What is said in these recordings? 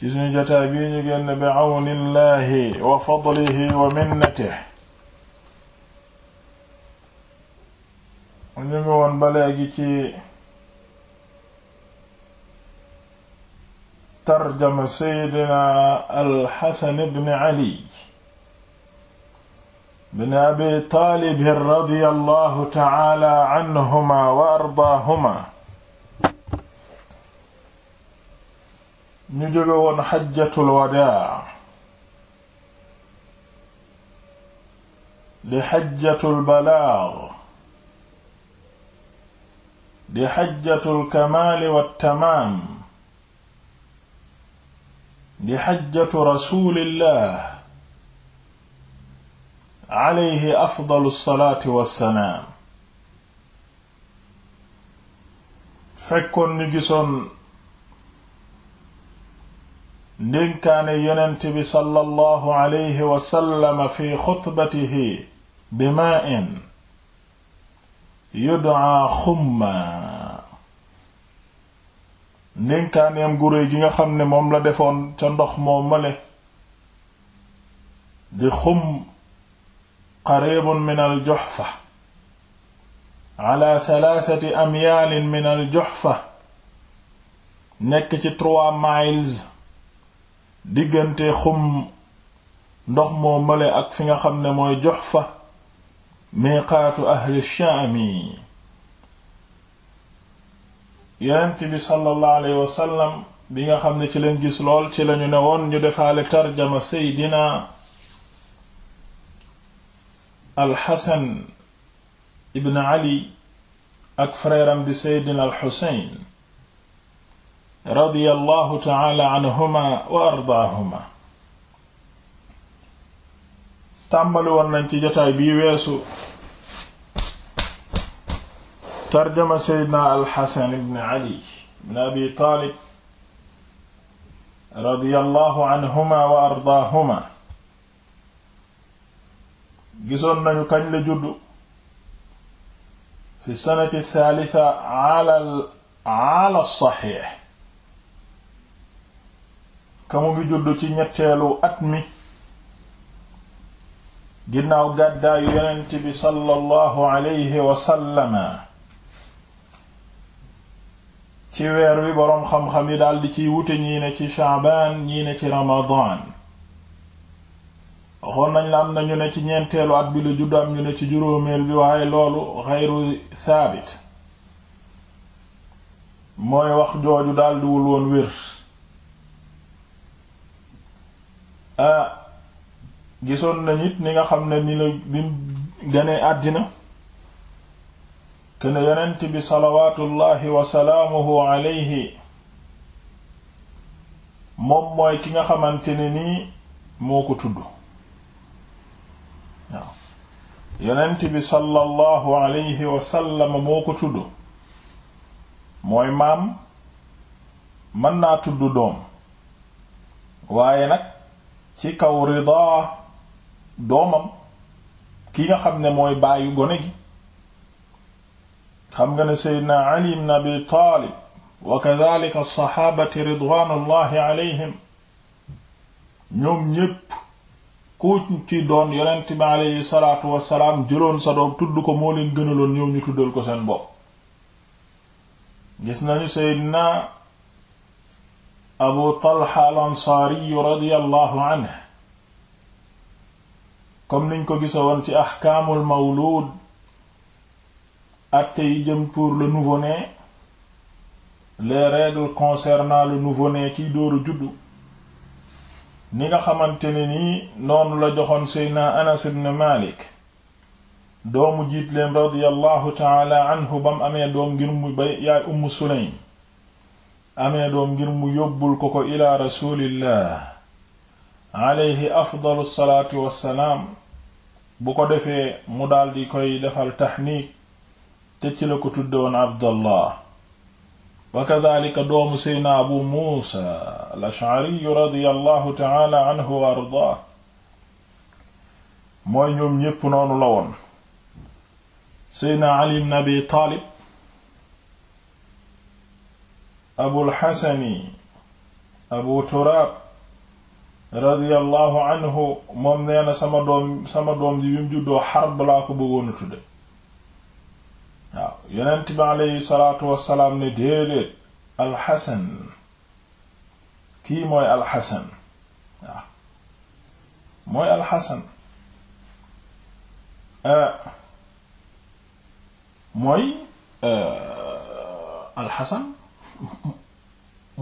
ci suñu jotaay bii ñu génn bi awnillahi wa fadlihi wa minnatihi ñu ngi woon ba léegi ci tarjama seydina alxasan ibn ali bin abi taalib radiyallahu ta'ala anhuma wa ardaahuma ñu jóge woon xajjatul wadaa di xajjatul balaag di xajjatul kamaali wattamaam di xajjatu rasuulillah alayhi afdalu salaatu wassalaam fekkoon ñu gisoon ndénkaane yonent bi alayhi wasallam fi xutbatihi bimaa'in yud'a xumma ndénkaaneem gu réy gi nga xam ne moom la defoon ca ndox moo male di xum qareebun min al juxfa ala thalathati amyaalin min al juxfa nekk ci trois diggante xum ndox moo male ak fi nga xam ne mooy Juhfa miiqaatu ahli Shaami yonent bi sallallahu alayhi bi nga xam ne ci leen gis lool ci lañu ne woon ñu defaale tarjama seydina alxasan ibn ali ak frère bi seydina alxuseyn radiyallahu taala anhuma wa ardaahuma tàmbali woon nañ ci jotaay bii weesu tarjama seydna alxasan ibn ali ibn abi taalib radiyallahu anhuma wa ardaahuma gisoon nañu kañ la juddu fi sanati thalitha ala ala saxiix ka mu ngi juddu ci ñetteelu at mi ginnaaw gàddaayu yonent bi sallallahu alayhi wa sallama ci weer wi boroom xam-xam yi daldi ciy wute ñii ne ci shaabaan ñii ne ci ramadaan waxoon nañ la am na ñu ne ci ñeenteelu at bi la judd am ñu ne ci juróomeel bi waaye loolu xeyru thaabit mooy wax jooju daldiwul woon wér Ah, gisoon na nit ni nga xam ne ni la bi mu ganee àddina kene yonent bi salawaatullahi wasalaamuhu alayhi moom mooy ki nga xamante ne nii moo ko tudd waaw yonent bi sallallahu alayhi wasallama moo ko tudd mooy maam mën naa tudd doom waaye nag ci kaw rida doomam ki nga xam ne mooy baayu gone gi xam nga ne seydna ali ibn abi taalib wa kadhalika saxaabati ridwanullahi alayhim ñoom ñépp ku ci doon yonent bi aleyhi salaatu wasalaam sa doom tudd ko moo leen gënaloon ñoom ñu tuddal ko seen bopp abu talha al ansaari radiyallahu anhu comme niñ ko gisoowoon ci ahkaamul mawluud actes yi jëm pour le nouveau-né les règles concernant le nouveau-né kiy dóoru juddu ni nga xamante ne nii noonu la joxoon seydna anas ibn malik doomu jiit leen radiyallahu taala bam amee doom ngir mu bay yaay ummu amee doom ngir mu yóbbul ko ko ilaa rasulillah aleyhi afdalu salaatu wassalaam bu ko defee mu daldi koy defal taxniik te ci la ko tuddoon abdallah wa kadalika doomu seydna abu muusa al-ash'ari radiyallahu ta'ala anhu wa ardaa mooy ñoom ñépp noonu la woon ali ibn abi taalib abul xasani abu turaab radiyallahu anhu moom nee sama doom sama doom ji bi mu juddoo xarb laa ko bëggoon a tudde waaw yonent bi aleyhi salaatu wassalaam ne déedéet alxasan mooy alxasan mooy alxasan euh, mooy euh, alxasan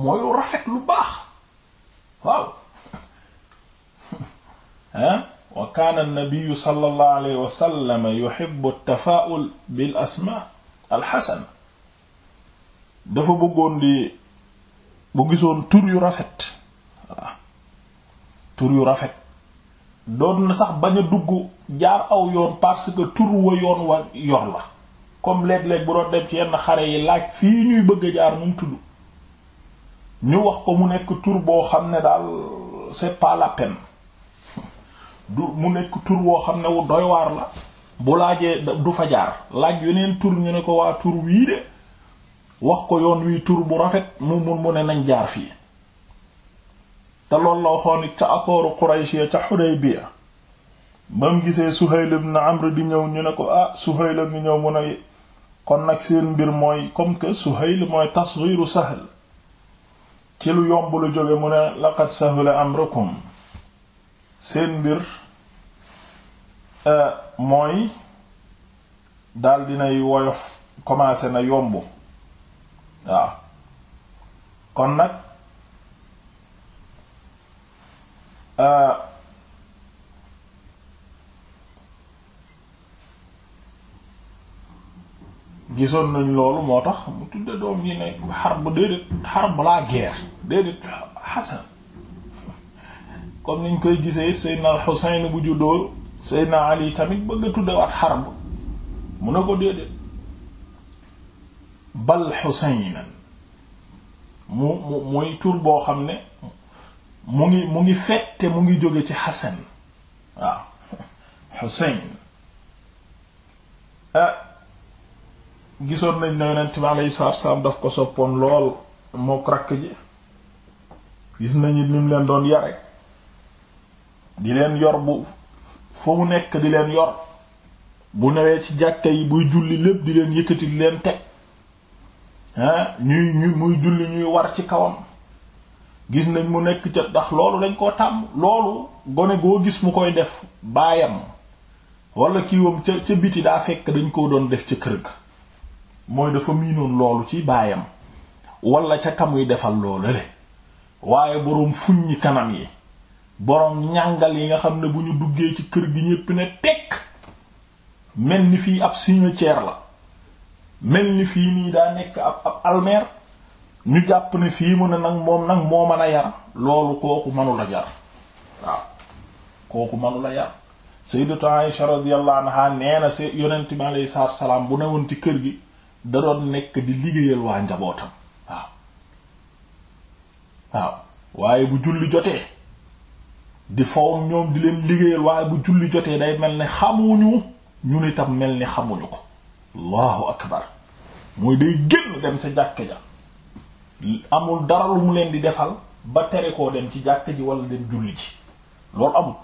mooy rafet lu baax waaw ah wa kaana an-nabiyyu sallallahu alayhi wa sallam yuhibbu asmaa al dafa bëggoon di bu gisoon tur yu rafet tur yu rafet doon na sax bañ dugg jaar aw yoon parce que tur wa yoon wa yor la comme léeg-léeg bu doon dem ci yenn xare yi laaj fii ñuy bëgg jaar nu mu tudd ñu wax ko mu nekk tur boo xam ne daal c'est pas du mu nekk tur boo xam ne wu doy waar la bu laajee du fa jaar laaj yeneen tur ñu ne ko waa tur wii de wax ko yoon wii tur bu rafet mu mun mu ne nañ jaar fii te loolu la waxoon it ca accordu Quraysh ca Hudaybiya ba mu gisee Suhayl ibn Amr di ñëw ñu ne ko ah Suhayl ngi ñëw mun a kon nag seen mbir mooy comme que Suhayl mooy tasghiru sahl ci lu yomb lu jóge mu ne laqad sahula amrukum seen mbir euh, mooy dal dinay woyof commencé na yomb waaw kon nag euh, gisoon nañ loolu moo tax mu tudde doom yi nekk harb déedéet harb la guerre déedéet Hasan comme niñ koy gisee Seydina al-Husayn bu juddoo Seydina Ali tamit bëgg a tuddewaat harb mu ne ko déedéet bal Husaynan mu mu muy tur boo xam ne mu ngi mu ngi fette mu ngi jóge ci Hasan waaw Husayn ah, gisoon nañ ne yonent bi alayhi salaatu wassalaam daf ko soppoon lool mook rakk ji gis nañu ni leen doon yare di leen yor bu fa mu nekk di leen yor bu newee ci jàkka yi buy julli lépp di leen yëkkati leen teg ah ñuy muy julli ñuy war ci kawam gis nañ mu nekk ca ndax loolu dañ koo tàmm loolu gone goo gis mu koy def baayam wala kiiwam ca ca biti daa fekk dañ koo doon def ca kër ga mooy dafa miinoon loolu ci baayam wala ca kamuy defal loolu le waaye boroom fuññi kanam yi boroom ñàngal yi nga xam ne bu ñu duggee ci kër gi ñépp ne tekk mel ni fii ab cimetière la mel ni fii nii daa nekk ab almeer ñu jàpp ne fii mu ne nag moom nag moo mën a yar loolu kooku mënula jar waaw kooku mënula yar sayyidatu Aisha radiyallahu anha nee na yonent bi alayhi salaam bu newoon ci kër gi da doon nekk di liggéeyal waa njabootam waaw waaw waaye bu julli jotee di faw ñoom di leen liggéeyal waaye bu julli jotee day mel ni xamuñu ñu ne tam mel ni xamuñu ko allahu akbar mooy day génn dem sa jàkka ja amul dara lu mu leen di defal ba tere koo dem ci jàkka ji wala dem julli ji lool amul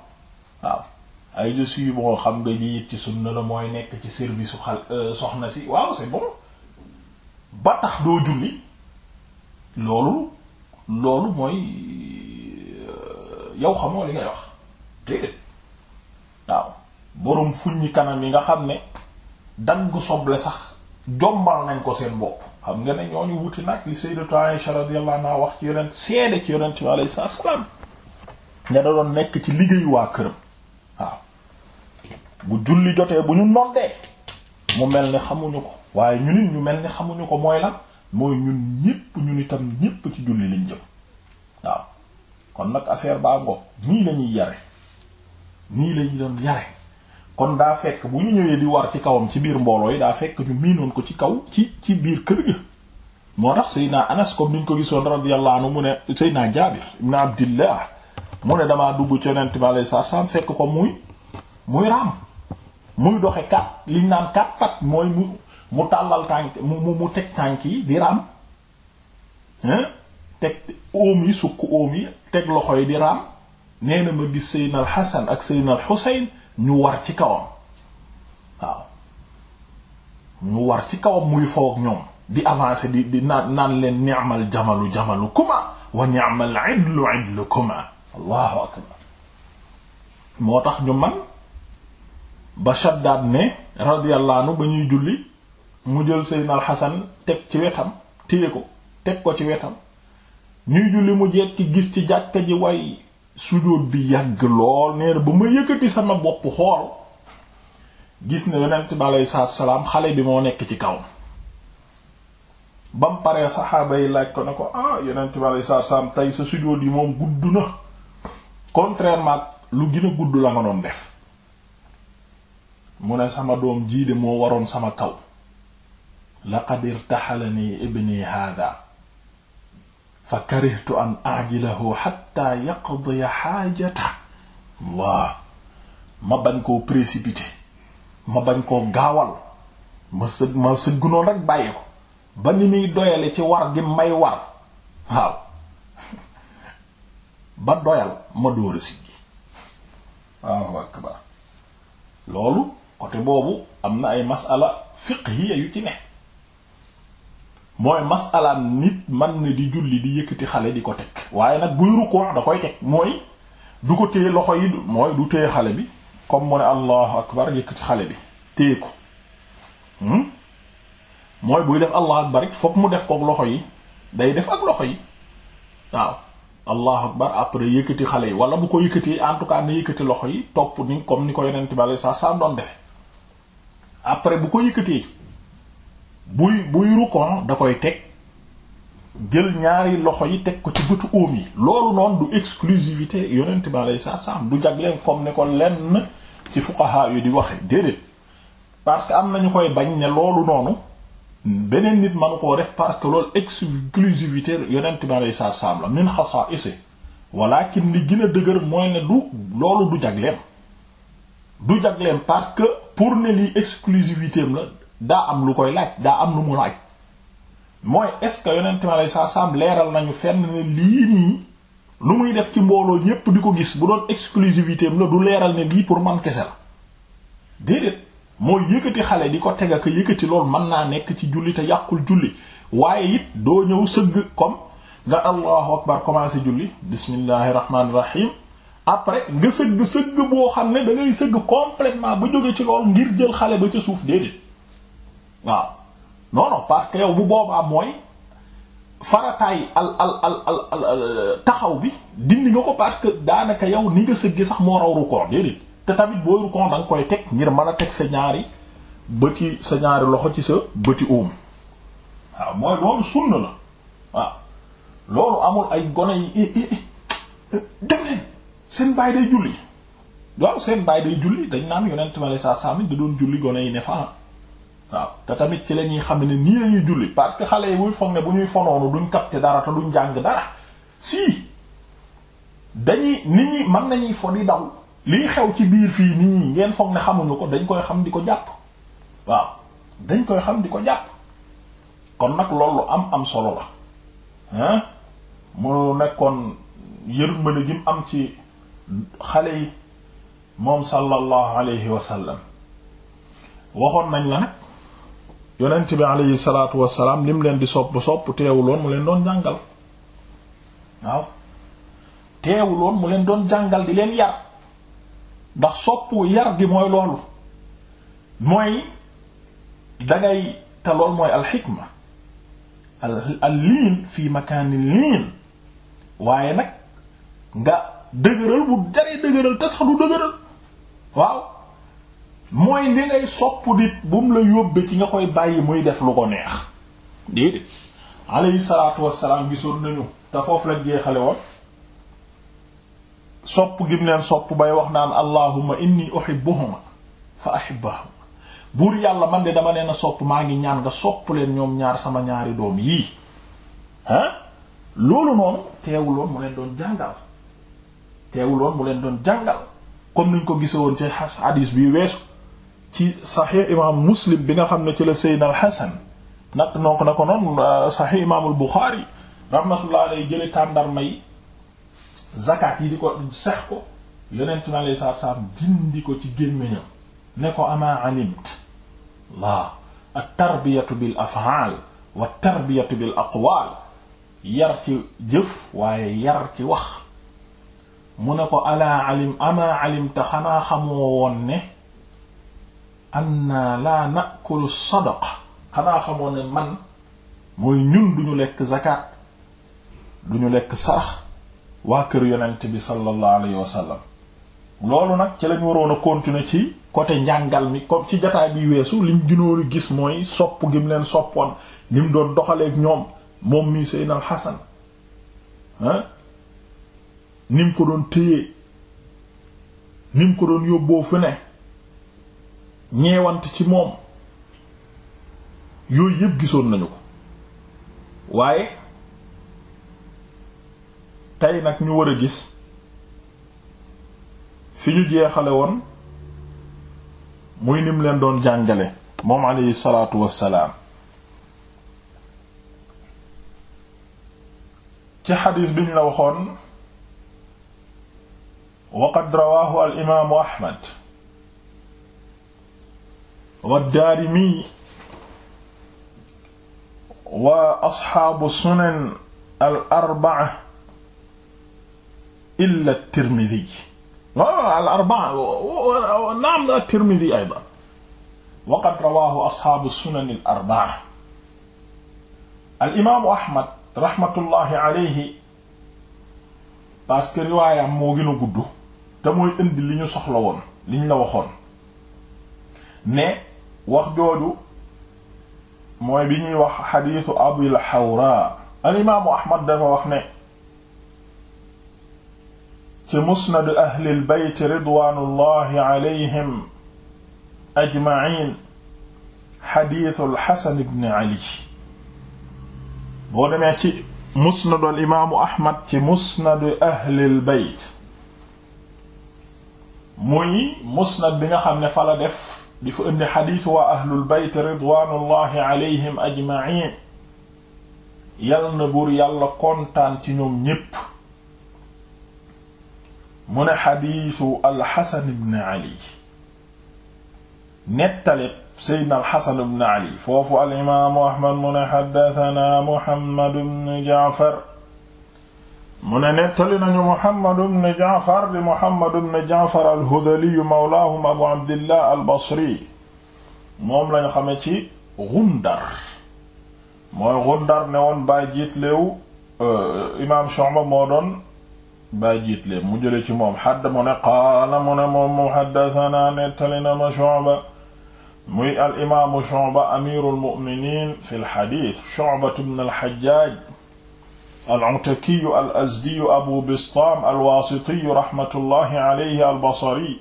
waaw ay je suis bon xam nga lii ci sunna la mooy nekk ci service xal euh, soxna si waaw c'est bon ba tax doo julli loolu loolu mooy yow xamoo li ngay wax déedéet waaw boroom fuññi kanam yi nga xam ne dagg soble sax jombal nañ ko seen bopp xam nga ne ñooñu wuti nag li sayyidatu Aisha radiyallahu anha wax ci yonent seede ci yonent bi alayhi salaam ña da doon nekk ci liggéeyu waa këram waaw bu julli jotee bu ñu noddee mu mel ni xamuñu ko waaye ñu nit ñu mel ni xamuñu ko mooy lan mooy ñun ñépp ñun itam ñépp ci julli lañ jëm waaw kon nag affaire baa ngo nii lañuy yare nii lañuy doon yare kon daa fekk bu ñu ñëwee di war ci kawam ci biir mbooloo yi daa fekk ñu miinoon ko ci kaw ci biir kër gi moo tax Seydina Anas comme niñ ko gisoon radiyallahu anhu mu ne Seydina Jaabir ibn Abdillah mu ne damaa dugg ci yonent bi alayhi salaam fekk ko muy muy raam muy doxe kat liñ naan kat pat mooy mu mu tàllal tànk mu mu teg tànk yi di raam teg óom yi sukk óom yi teg loxo yi di raam nee ma gis Seydina al ak Seydina al ñu war ci kawam waaw ñu war ci kawam muy foog ñoom di avancé di di naan naan leen ni'mal jamalu jamalu kuma wa ni'mal idlu tax ñu man ba Shaddad ne radiyallahu anhu ba ñuy julli mu jël seydna alxasan teg ci wetam téye ko teg ko ci wetam ñuy julli mu jekki gis ci jàkka ji way sujóot bi yàgg lool nee na ba ma yëkkati sama bopp xool gis ne yonent bi aleyhi salaam xale bi moo nekk ci kaw ba mu paree saxaaba yi laaj ko ne ko ah yonent bi aleyhi salaatu salaam tey sa sujóot yi moom gudd na contrairement lu gën gudd la nga doon def mu ne sama doom jii de moo waroon sama kaw laqad irtaxalani ibni hada fa karihtu an ajilahu xatta yaqdiya xaajata allah ma bañ koo précipité ma bañ koo gaawal ma sëg ma sëggu noonu bàyyi ko ba ni muy doyale ci war gi may war waaw ba doyal ma dóor a siggi waaw akbar loolu côté boobu am na ay masala fiqhiya yu ci ne mooy masalaam nit man na di julli di yëkkati xale di ko teg waaye nag buy rukkoo da koy teg mooy du ko téye loxo yi mooy du téye xale bi comme mu ne allahu akbar yëkkati xale bi téye ko hmm? mooy buy def allahu akbar fokk mu def kook loxo yi day def ak loxo yi waaw allahu akbar après yëkkati xale yi wala bu ko yëkkati en tout cas na yëkkati loxo yi topp ni comme ni ko yonent bi alayhi salaam doon defe après bu ko yëkkatee buy buy rukoon da koy teg jël ñaari loxo yi teg ko ci bëtu óom yi loolu noonu du exclusivité yonent bi alayhi salaam du jagleen comme ni ko lenn ci fuqaha yi di waxe déedéet parce que am nañu koy bañ ne loolu noonu beneen nit manu koo def parce que loolu exclusivité yonent bi alayhi salaam la min xasaa'isi walakin li gën a dëgër mooy ne du loolu du jagleem du jagleem parce que pour ne li exclusivité am la daa am lu koy laaj daa am lu mu laaj mooy est-ce que yonent mi alayhi salaam leeral nañu fenn ne lii nii lu muy def ci mbooloo ñépp di ko gis bu doon exclusivité am la du leeral ne lii pour man kese la déedéet mooy yëkkati xale di ko teg ak yëkkati loolu mën naa nekk ci julli te yàqul julli waaye it doo ñëw sëgg comme nga allahu akbar commencé julli bismillahi rahmaani rahim après nga sëgg sëgg boo xam ne da ngay sëgg complètement ba jóge ci lool ngir jël xale ba ca suuf déedéet waaw non non parce que yow bu boobaa mooy farataay al al al euh, taxaw bi dindi nga ko parce que daanaka yow ni nga sëggi sax moo raw rukoon déedéet te tamit booy rukoon da koy teg ngir mën a teg sa ñaari bëti sa ñaari loxo ci sa bëti uum waaw mooy loolu sunna la waaw loolu amul ay gone yi eh, eh, eh, dem leen seen baay day julli waaw seen baay day julli dañ naan yonent ma la saa saa da doon julli gone yi ne fa waaw te tamit ci la ñuy xam ne nii la julli parce que xale yi buy foog ne bu ñuy fonoonu duñ capter dara te duñ jàng dara si dañuy nit ñi mën nañuy fo di daw liy xew ci biir fii nii ngeen foog ne xamuñu ko dañ koy xam di ko jàpp waaw dañ koy xam di ko jàpp kon nag loolu am am solo la hein mu nekkoon yërmande gi mu am ci xale yi moom sallallahu alayhi wa sallam waxoon nañ la nag yonent bi aleyhi salaatu wassalaam lim leen di sopp sopp teewuloon mu leen doon jàngal waaw mu leen doon jàngal di leen yar ndax sopp yar gi mooy loolu mooy dangay te lool mooy alxikma al liin fii makaani liin waaye nag nga dëgëral bu jaree dëgëral te sax dëgëral waaw mooy li ngay sopp nit bu mu la yóbbee ci nga koy bàyyi muy def lu ko neex déedéet alayhi salaatu wassalaam gisoon nañu te foofu la jeexale woon sopp gim leen sopp bay wax naan allahumma inni uhibbuhuma fa ahibbahuma buur yàlla man de dama leen sopp maa ngi ñaan nga sopp leen ñoom ñaar sama ñaari doom yii ah loolu noonu teewuloon mu leen doon jàngal teewuloon mu leen doon jàngal comme niñ ko gisewoon ci xadis bi weesu ci saxiix imaam muslim bi nga xam ne ci la seydna al xasan nag noo ko na ko noon euh, saxiix imaamul buxaari rahmatullah alay jële tàndarma yi zakat yi di ko sex ko yonent mi alei saatu salaam dindi ko ci gémmiñam ne ko ama alimt laa at tarbiyatu bil af'al wa tarbiyatu bil aqwal yar ci jëf waaye yar ci wax mu ne ko ala alim ama alimta xanaa xamoo woon ne anna la nakulu sadaqa xanaa xamoon ne man mooy ñun duñu lekk zakat duñu lekk sarax waa kër yonent bi sallallahu alayhi wa sallam loolu nag ci lañ waroon a continuer ci côté njàngal mi comme ci jataay bi weesu liñ gënoonu gis mooy sopp gi mu leen soppoon ni doon doxaleek ñoom moom mii Seydina Alxasan ah ni ko doon téyee ni ko doon yóbboo fu ne ñeewant ci moom yooyu yëpp gisoon nañu ko waaye tey nag ñu war a gis fi ñu jeexale woon muy nim leen doon jàngale moom alayhi salaatu wassalaam ci xadiis bi ñu la waxoon waqad rawaahu al imaamu wa daarimi wa asxaabu sunan al arbaa illa tirmidi waaw naam la tirmidi aydan waqad rawaahu asxaabu sunan al arbaa al imaamu Ahmad rahmatullahi alayhi parce que riwaayam moo gën a gudd te mooy indi li ñu soxla la waxoon mais wax jooju mooy bi ñuy wax xadiisu Abul Hawra al imaamu Ahmad dafa wax ne ci musnad ahlil bayt ridwaanullahi alayhim ajma'iin xadiisul Xasan ibn Ali boo demee ci musnadu al imaamu Ahmad ci musnadu ahlil bayt muy musnad bi nga xam ne fa def di fa indi xadiis waa ahlul bayt ridwaanullahi alayhim ajma'in yal na buur yàlla kontaan ci ñoom ñépp mu ne xadiisu alxasan ibn ali nettaleb seydna alxasan ibn ali foofu alimaamu ahmad mu ne xaddatanaa muhammad ibn jaafar mu ne nettali nañu Muhammad ibn Ja'far di Muhammad ibn Ja'far al-Hudhali mawlaahum Abu Abdillah al-Basri moom lañ xame ci Gundar mooy Gundar ne woon baay jiitlewu euh, imaam Shu'ba moo doon baay jiitlew mu jële ci moom xadd mu ne qaala mu ne moom mu haddathana nettali na ma Shu'ba muy al imaamu Shu'ba amiirul mu'miniin fil hadiis Shu'ba ibn al-Hajjaaj al-Utakiyu al-Azdiyu Abu Bistaam al-Waasitiyu rahmatullahi alayhi al-Basriyu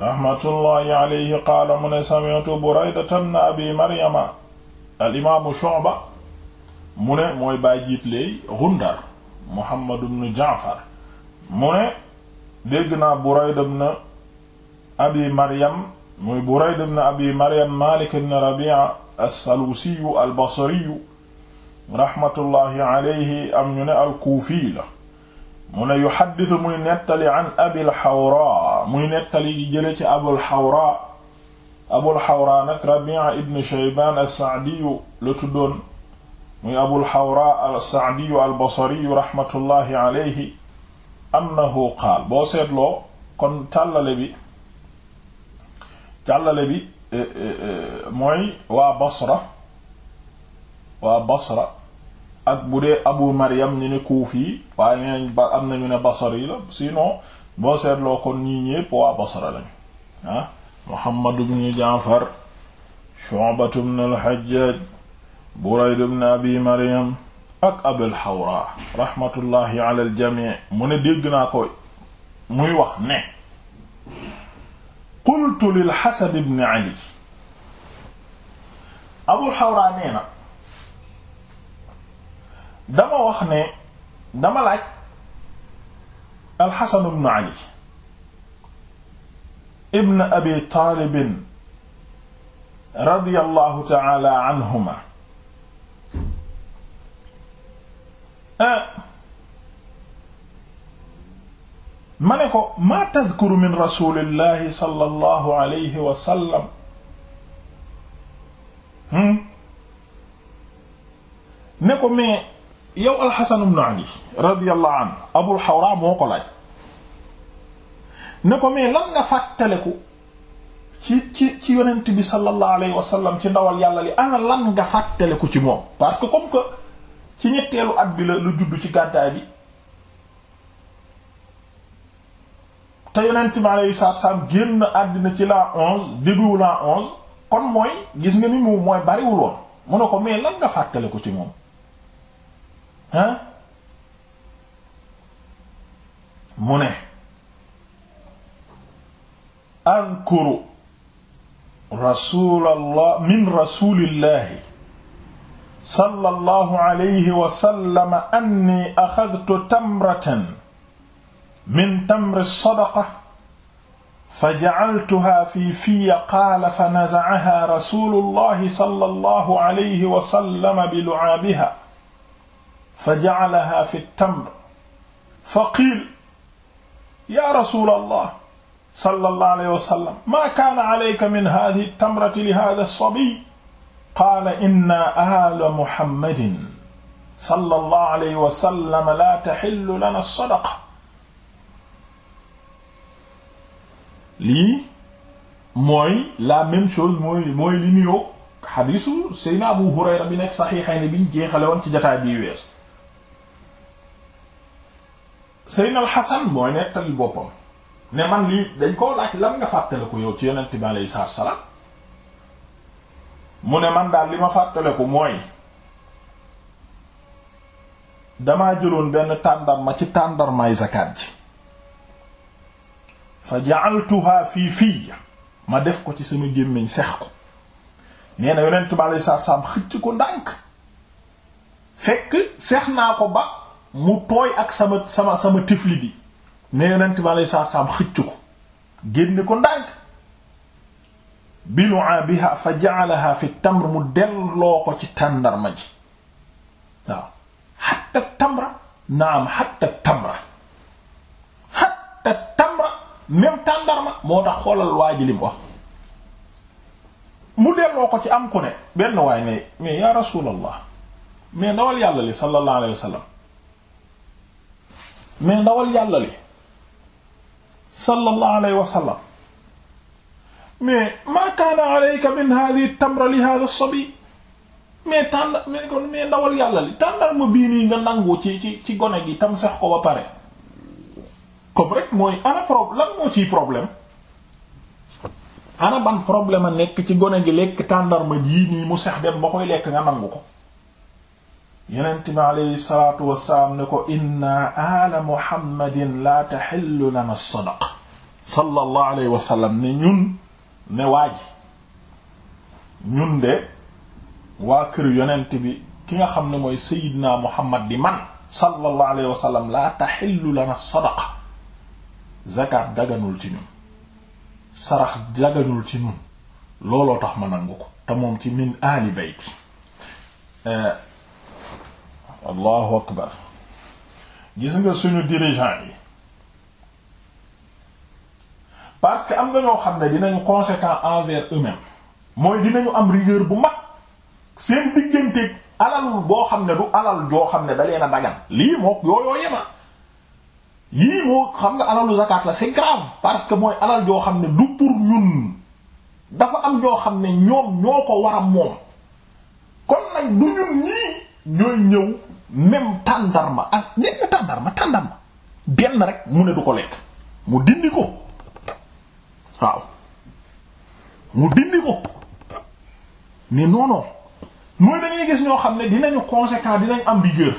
rahmatullahi alayhi qaala mu ne sami'tu Buraydata ibn Abi Maryama al-imaamu Shu'ba mu ne mooy bàyyi jiit lay Gundar Muhammad ibn Ja'far mu ne dégg naa Burayda ibn Abi Maryam muy Burayda ibn Abi Maryam Maalik ibn Rabi'a as-Salusiyu al-Basriyu raxmatullahi alayhi am ñu ne alkuufi la mu ne yuxaddisu muy nettali an abil xawra muy nettali di jële ci abul xawra abul xawra nag rabi'a ibn shaybaan as-sa'diyu la tuddoon muy abul xawra as-sa'diyu al-basriyu raxmatullahi alayhi annahu qaal boo seetloo kon càllale bi càllale bi eh, eh, eh, mooy waa basra waa basra ak bu dee abu mariam ñu ne kuufi yi waaye neenañ ba am nañu ne basar boo seetloo kon ñii ñépp waa basra lañu ah muhammad jaafar shu'bat ibn al-hajjaj burayd ibn abi mariam ak abul hawra rahmatullahi ala al jami' mu ne dégg naa ko muy wax ne qultu lil hasan ibn ali abul hawra nee dama wax ne dama laaj alxasan ibn ali ibn abi taalibin radiyallahu taala anhuma eh, ma ne ko maa tadkuru min rasulillahi sallallahu alayhi wa sallam hmm? ne ko mais yow alxasan ibn ali radiyallahu anhu abul xawra moo ko laaj ne ko mais lan nga fàttaleku ci ci ci yonent bi sallallahu alayhi wa ci ndawal yàlla li ana lan nga fàttaleku ci moom parce que comme que ci ñetteelu at bi la lu judd ci gàddaay bi te yonent bi alayhi salaatu salaam génn àddina ci la onze début la onze kon mooy gis nga ni mu mooy bariwuloon mu ne ko mais lan nga fàttaleku ci moom ah mu ne azkuru rasulallah min rasulillahi sallallahu alayhi wa sallam anni axadtu tamratan min tamri sadaqa faja'altuha fi fiyya qaala fanaza'aha rasuulullahi sallallahu alayhi wa sallam bilu'aabiha fa ja'alaha fi tamr fa qiil ya rasul allah sallallahu alayhi wa sallam ma kaana alayka min hadhihi tamrati li hadha as-sabiy qaala inna ahla muhammadin sallallahu alayhi wa sallam la tahillu lana as-sadaqa lii mooy la même chose mooy mooy li nuyoo xadiisu Seydina Abu Hurayra bi nekk saxiixayni biñ jeexale woon ci jotaay bii weesu Seydina al Xasan mooy nettali boppam ne man lii dañ koo laaj lan nga fàttaliku yow ci yonent bi aleyhi salaatu salaam mu ne man daal li ma fàttaliku mooy damaa jëloon benn tàndarma ci tàndarmaay zakaat ji fa ja'altuha fii fii ma def ko ci sama gémmiñ sex ko nee na yonent bi aleyhi salaatu ko ndànk fekk seex naa ko ba mu tooy ak sama sama sama tifli bi ne yonent bi alei saatu salaam ko génne ko ndànk binuaa biha fa jaalaha fi tamr mu delloo ko ci tàndarma ji waaw hatta tamra naam hatta tamra hatta tamra même tàndarma moo tax xoolal waa ji lim wax mu delloo ko ci am ku ne benn waay ne mais ya rasulallah mais ndawal yàlla li sallallahu alayhi wa mais ndawal yàlla li sallallahu alayhi wa mais ma kaana alayka min hadhihi tamra li hadha as-sabi mais tànda mais kon mais ndawal yàlla li tàndal ma bii nii nga nangu ci ci ci gone gi tam sex ko ba pare comme rek mooy ana problème lan moo ciy problème ana ban problème a nekk ci gone gi lekk tàndarma jii nii mu sex dem ba koy lekk nga nangu ko yonent bi aleyhi salaatu wassalaam ne ko inna aala muhammadin laa taxillu lana sadaqa sallallahu alayhi wa sallam ne ñun ne waaji ñun de waa kër yonent bi ki nga xam ne mooy sayidna muhammad di man sallallahu alayhi wa sallam laa taxillu lana sadaqa zakat daganul ci ñun sarax daganul ci ñun looloo tax ma nangu ko te ci min aali bayti allahu akbar gis nga suñu dirigeant yi parce que am nga ñoo xam ne dinañu conséquent envers eux mooy dinañu am rigueur bu mag seen digganteeg alalul boo xam ne du alal joo xam ne da leen a dagan lii mook yooyoo yema yii moo xam nga alalu zakat la c'est grave parce que mooy alal joo xam ne du pour ñun dafa am ñoo xam ne ñoom ñoo ko war a moom kon nag du ñun ñii ñooy ñëw même tàndarma ak léegi na tàndarma tàndarma benn rek mu ne du ko lekk mu dindi ko waaw mu dindi ko mais non mooy da gis ñoo xam ne dinañu conséquent dinañ am rigueur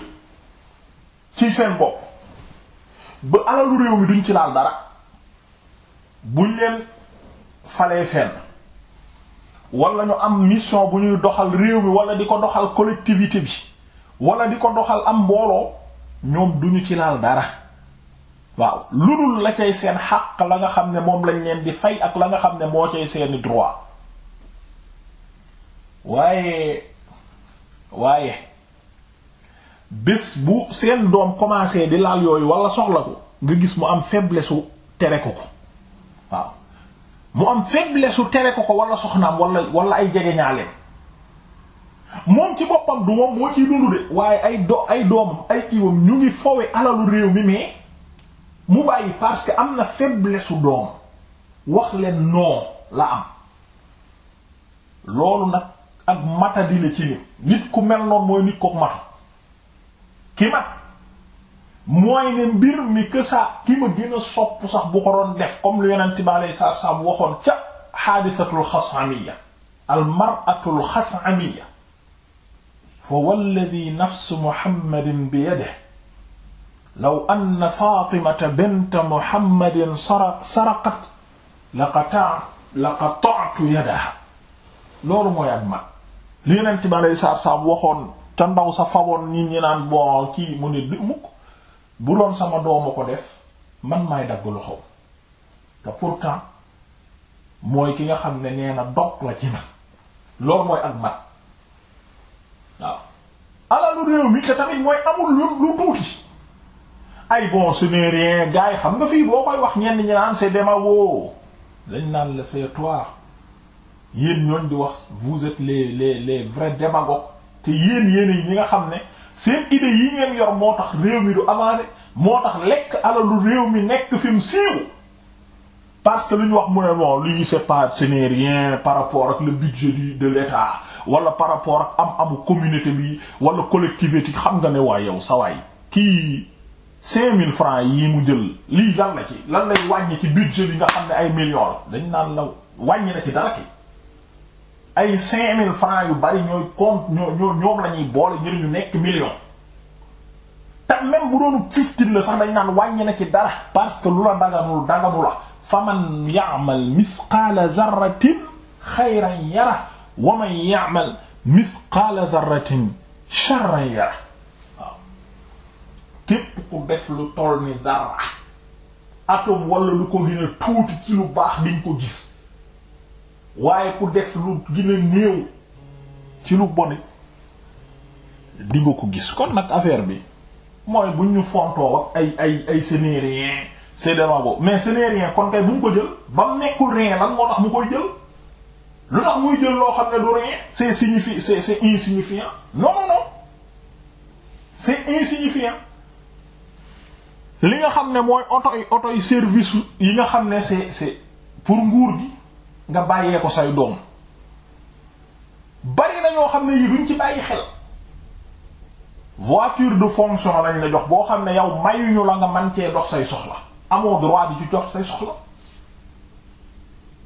ci seen bopp ba alalu réew mi duñ ci laal dara buñ leen falee fenn wala ñu am mission bu ñuy doxal réew mi wala di ko doxal collectivité bi. wala di ko doxal am mbooloo ñoom duñu ci laal dara waaw lu dul la cay seen xaq la nga xam ne moom lañ leen di fay ak la nga xam ne moo cay seeni droit waaye waaye bés bu seen doom commencé di laal yooyu wala soxla ko nga gis mu am faiblesse tere ko ko waaw mu am faiblesse su tere ko ko wala soxnaam wala wala ay jegeñaaleem moom ci boppam du moom moo ciy dund de waaye ay do ay doomam ay kiiwam ñu ngi fowe alalu réew mi mais mu bàyyi parce que am na faiblesse su doom wax leen non la am loolu nag ak matadi ci nit nit ku mel noonu mooy nit kook matu ki mat mooy ne mbir mi que ça ki ma gën a sax bu ko def comme lu yonent bi alayhi salaatu wa salaam waxoon ca xaadisatul xasamiya al mar'atul xasamiya fa walladi nafsu muhammadin biyadihi law anna faatimata binta muhammadin saraqat laqata'tu yadaha loolu mooy ak mag li Yonent bi alayhi salaatu salaam waxoon ca ndaw sa faboon nit ñi naan boo kii mu ne du mukk bu doon sama dooma ko def man maay dagg loxoom te pourtant mooy ki nga xam ne nee na dog la ci nag loolu mooy ak mag waaw alalu réew mi te tamit mooy amul lu lu ay bon ce n'est rien gars yi xam nga fii boo koy wax ñenn ñi naan c'est démagogue dañ naan la c'est toi yéen ñooñ di wax vous êtes les les les vrais démagogues te yéen yéen ñi nga xam ne seen idées yi ngeen yor moo tax réew mi du avancé moo tax lekk alalu réew mi nekk fi mu siiw parce que lu ñu wax mu ne non lu ñu pas ce n'est rien par rapport ak le budget du de l'État wala par rapport ak am amu communauté bi wala collectivité xam nga ne waa yow sa kii cinq mille francs yi mu jël lii lan ci lan lay wàññi ci budget bi nga xam ne ay million la dañ naan la wàññi na ci dara ki ay cinq mille francs yu bari ñooy compte ñoo ñoom la ñuy boole ngir ñu nekk million te même bu doonu fifteen la sax dañ naan wàññi na ci dara parce que lu la daganul daganu la faman ya'mal mithqala dharratin xayran yara wa man ya'mal mithqaala waaw képp ku def lu toll ni dara atom wala lu ko gën tuuti ci lu baax diñ ko gis waaye ku def lu gën a néew ci lu bonit di nga ko gis kon nag affaire bi mooy buñ ñu fontoo ak ay ay ay ce n'est rien c'est mais ce kon kay bu ñu ko jël ba nekkul rien lan moo tax mu koy jël lu tax muy jël loo xam ne du rien c'est signifi c'est c'est insignifiant non non non c'est insignifiant li nga xam ne mooy oto yi oto yi service yi nga xam ne c'est c'est pour nguur gi nga bàyyee ko say doom bari na ñoo xam ne yi duñ ci bàyyi xel voiture de fonction lañ la jox boo xam ne yow mayuñu la nga man cee dox say soxla amoo droit bi ci jox say soxla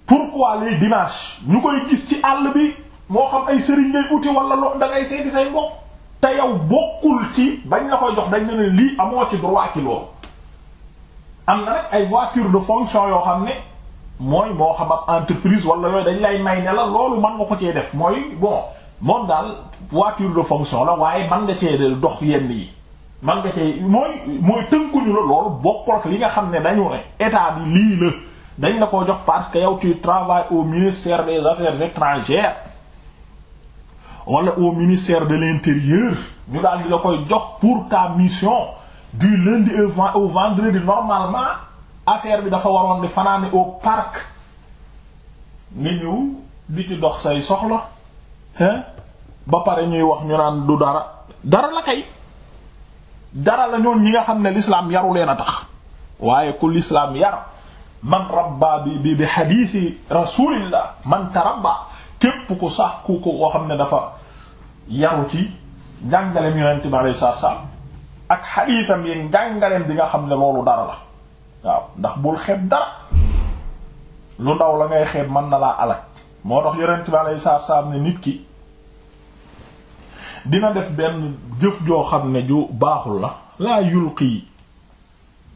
pour pourquoi les dimanches ñu koy gis ci àll bi moo xam ay sëriñ ngay uti wala loo da ngay seeti say mbokk te yow bokkul ci bañ la koy jox dañ ne ne lii amoo ci droit ci loolu am na rek ay voiture de fonction yoo xam ne mooy moo xam ab entreprise wala yooyu dañ lay may ne la loolu mën nga ko cee def mooy bon moom daal voiture de fonction la waaye mën nga cee dox yenn yi man nga cee mooy mooy tënkuñu la loolu bokkul ak li nga xam ne dañu ne état bi lii la dañ la koo jox parce que yow tu travailles au ministère des affaires étrangères wala au ministère de l'intérieur ñu daal di la koy jox pour ta mission du lundi au vendredi normalement affaire bi dafa waroon di fanaane au parc nga ñëw di ci dox say soxla hein ba pare ñuy wax ñu naan du dara dara la kay dara la ñoon ñi nga xam ne lislaam yaru leen a tax waaye ku l'islam yar man rabba bi bi bi xadiisi rasulillah man tarabba képp ku sax ku ko koo xam ne dafa yaru ci njàngaleem yonent bi alayhi salaatu salaam ak xadiisam yi njàngaleem bi nga xam ne loolu dara la waaw ndax bul xeeb dara lu ndaw la ngay xeeb man na laa alak moo tax yonent bi alayhi salaatu salaam ne nit ki dina def benn jëf joo xam ne ju baaxul la laa yulqi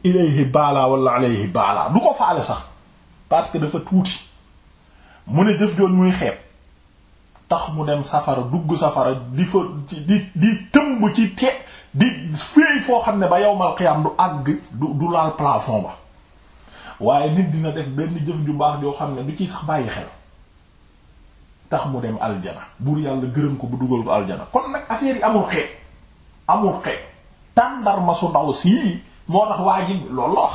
ilayhi baala wala alayhi baala du ko faale sax parce que dafa tuuti mu ne jëf joon muy xeeb tax mu dem safara dugg safara di fa di di tëmb ci te di féey foo xam ne ba yowmal xiyaam du àgg du du laal plafond ba waaye nit dina def benn jëf ju baax joo xam ne du ci sax bàyyi xel tax mu dem aljana buur yàlla gërëm ko bu dugal ko aljana kon nag affaire yi amul xeet amul xeet tàndarma su ndaw sii moo tax waa ji loolu wax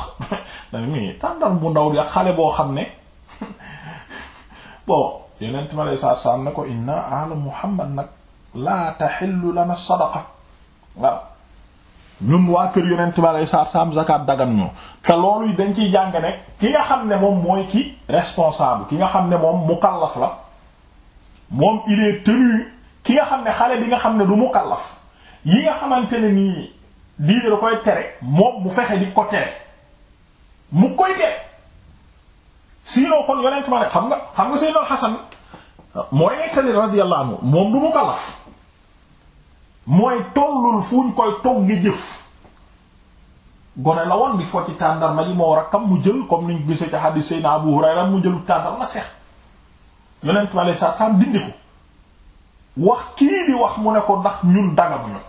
bu ndaw di xale boo xam ne bon yonent mi alei saatu salaam ne ko inna ala muhammad nag laa taxillu lana sadaqa waaw ñun waa kër yonent mi alei saatu salaam zakat dagan ñu te loolu dañ ciy jàng ne ki nga xam ne moom mooy ki responsable ki nga xam ne moom mu mukallaf la moom il tenu ki nga xam ne xale bi nga xam ne du mu mukallaf yi nga xamante ne nii diine da koy tere moom mu fexe di ko tere mu koy tere sinon kon yonent ma ne xam nga xam nga Seydina Hasan mooy nekkali radiyallahu anhu moom du mu kalaf mooy tollul fu ñu koy togg jëf gone la woon di fo ci tàndarma ji moo rakkam mu jël comme ñu gisee ci hadith Seydina Abu Hurayra mu jëlu tàndarma seex yonent ma ne saa saam dindi ko wax kii di wax mu ne ko ndax ñun dagaguñu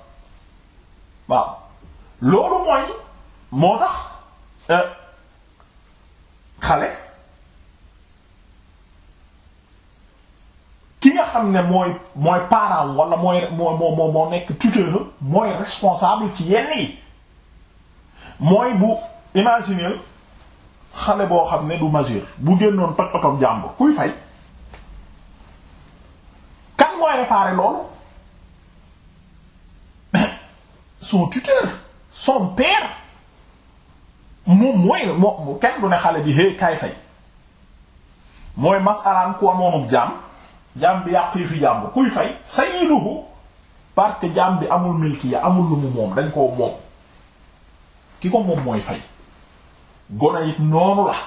waaw loolu mooy moo tax euh, xale ki nga xam ne mooy mooy parent wala mooy moo moo moo nekk tuteur mooy responsable ci yenn yi mooy bu imaginer xale boo xam ne du majeur bu génnoon toj oto jàmbur kuy fay kan mooy réparer loolu son tuteur son père moom mooy moom kenn du ne xale bi hé kaay fay mooy masalaan ku amoonub jaam jaam bi yàq yi fi jaam kuy fay sayyiduhu parce que jaam bi amul milkiya amul lu mu moom dañ koo moom ki ko moom mooy fay gone it noonu la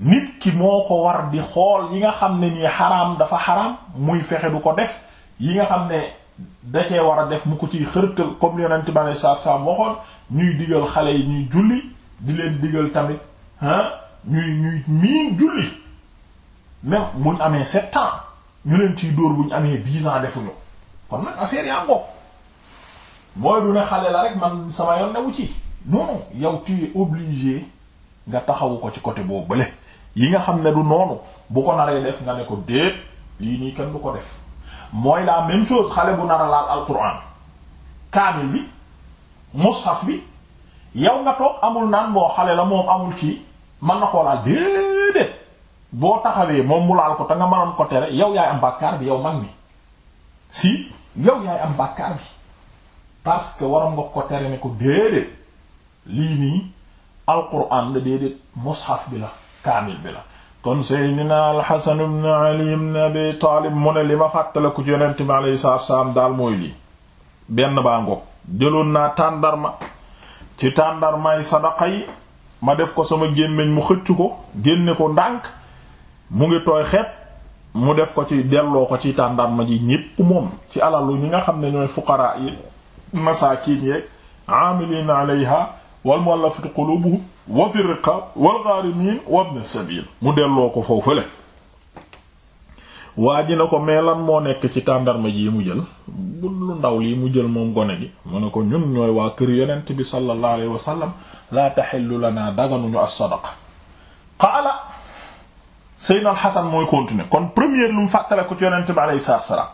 nit ki moo ko war di xool yi nga xam ne nii xaraam dafa xaraam muy fexe du ko def yi nga xam ne da cee war a def mu ko ciy xërtal comme li yonent bi waxoon ñuy digal xale yi ñuy julli di leen digal tamit ah ñuy ñuy miin julli même muñ amee sept ñu leen ciy dóor buñ amee dix ans defuñu kon nag affaire yaa ngoog mooy du ne xale la rek man sama yoon newu ci non yow tu es nga taxawu ko ci côté boobu bële yi nga xam ne du noonu bu ko naree def nga ne ko déet lii nii kenn du ko def mooy la même chose xale bu nar a laal alquran kaamil bi mushaf bi yow nga toog amul naan moo xale la moom amul kii mën na koo laal déedéet boo taxawee moom mu laal ko te nga mënoon ko tere yow yaay am bàkkaar bi yow mag mi si yow yaay am bàkkaar bi parce que waroon nga ko tere ne ko déedéet lii nii alquran la déedéet mushaf bi la kaamil bi la kon seydina alxasan ibn ali ibn abi taalib mu ne li ma fàttaliku ci yonent bi alayhi salaatu wa daal mooy lii benn baa ngoog jëloon naa tàndarma ci tàndarmaay sadaqa yi ma def ko sama gémmiñ mu xëcc ko génne ko ndànk mu ngi tooy xet mu def ko ci delloo ko ci tàndarma ji ñépp moom ci alalu ñi nga xam ne ñooy fuqaraa yi masaakiin yeeg amilina alayha wal mu'allafati qulubuhum wa fi riqab wal gharimiin wa ibn sabil mu delloo ko foofule waa ji ko mais lan moo nekk ci tàndarma ji mu jël bu lu ndaw lii mu jël moom gone gi mu ne ko ñun ñooy waa kër bi sallallahu alayhi wa sallam laa taxillu lana daganuñu as-sadaqa qaala seydna al mooy continuer kon premier lu mu fàttale ko ci yonent bi salaatu salaam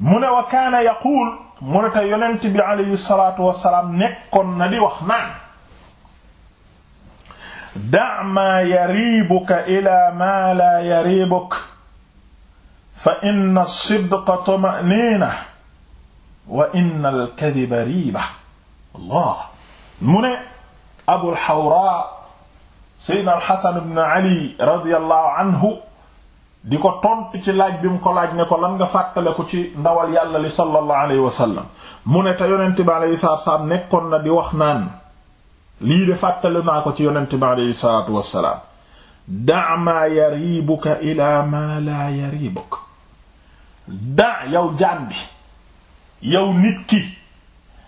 mu ne wa kaana yaquul mu ne te yonent bi salaatu wa salaam nekkoon na di wax naan da' maa yariibuka ilaa maa laa yariibuka fa inna sidqa tuma'niina wa inna al-kadiba riiba allah mu ne abul xawraa seydna alxasan ibn ali radiyallahu anhu di ko tontu ci laaj bi mu ko laaj ne ko lan nga fàttale ko ci ndawal yàlla li sallallahu alayhi wa sallam mu ne te yonent bi alayhi salaatu wasalaam nekkoon na di wax naan lii de fàttale naa ko ci yonent bi alayhi salaatu wasalaam da' maa yariibuka ilaa maa laa yariibuka da yow jaan bi yow nit ki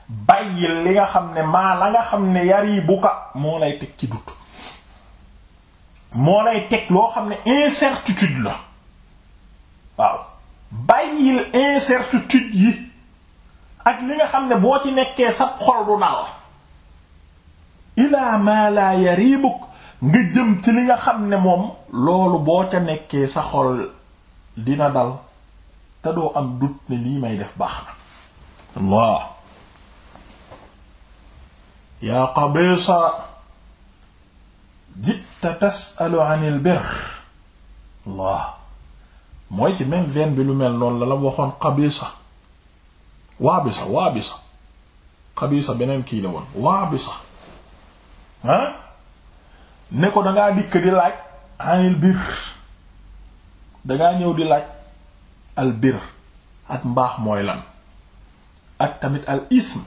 bàyyil li nga xam ne maa la nga xam ne yari bu ka moo lay teg ci dut moo lay teg loo xam ne incertitude la waaw bàyyil incertitude yi ak li nga xam ne boo ci nekkee sa xol du dal ila ma la yaribuk nga jëm ci li nga xam ne moom loolu boo ca nekkee sa xol dina dal te doo am doute ne lii may def baax na Allah yaa Qabisa jitta tasalu an il birr mooy ci même bi lu mel noonu la la waxoon Qabisa Waabisa Waabisa Qabisa beneen kii la woon Waabisa ah ne ko dangaa dikk di laaj anil birr dangaa ñëw di laaj al bir ak mbaax mooy lan ak tamit al ism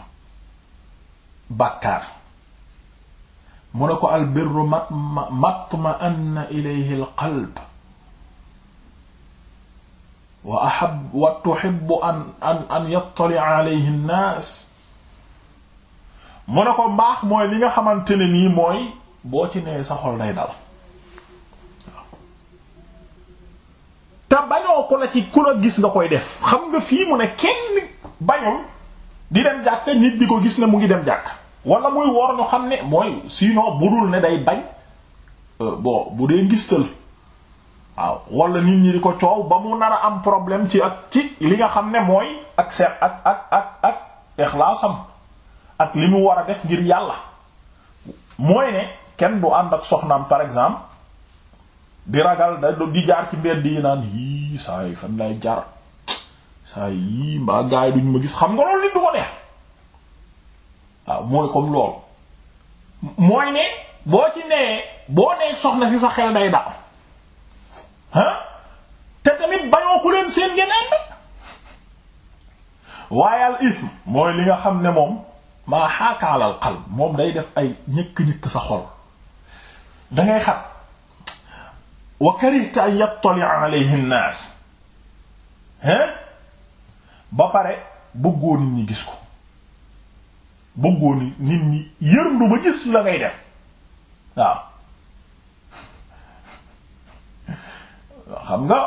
bakkaar mu ne ko al birru matma matma anna ilayhi al qalb wa ahab wa tuhibbu an an an yattali alayhi an-nas mu ne ko mbaax mooy li nga xamante ne nii mooy boo ci nee sa xol day dal te bañoo ko la ci ku la gis nga koy def xam nga fii mu ne kenn bañul di dem jàkk nit di ko gis ne mu ngi dem jàkk wala muy wor ñu xam ne mooy sinon budul ne day bañ euh, bo bu dee ngistal waaw wala nit ñi di ko coow ba mu nar a am problème ci ak ci li nga xam ne mooy ak seet ak ak ak ak ixlaasam ak li mu war a def ngir yàlla mooy ne kenn bu ànd ak soxnaam par exemple di ragal da di jaar ci mbedd yi naan yii saa yi fan lay jaar saa yii mbaa gaay duñ ma gis xam nga loolu nit du ko neex waaw mooy comme loolu mooy ne boo ci nee boo nee soxna si sa xel day daq ah te tamit bañoo ku leen seen ngeen ànd waaye ism mooy li nga xam ne moom maa xaakaalal xal moom day def ay ñëkk-ñëkk sa xol dangay xam wa karihta an yattali'a alayhi an-nas hein ba pare bëggoo nit ñi gis ko bëggoo nit ñi yërndu ba gis la ngay def waaw xam nga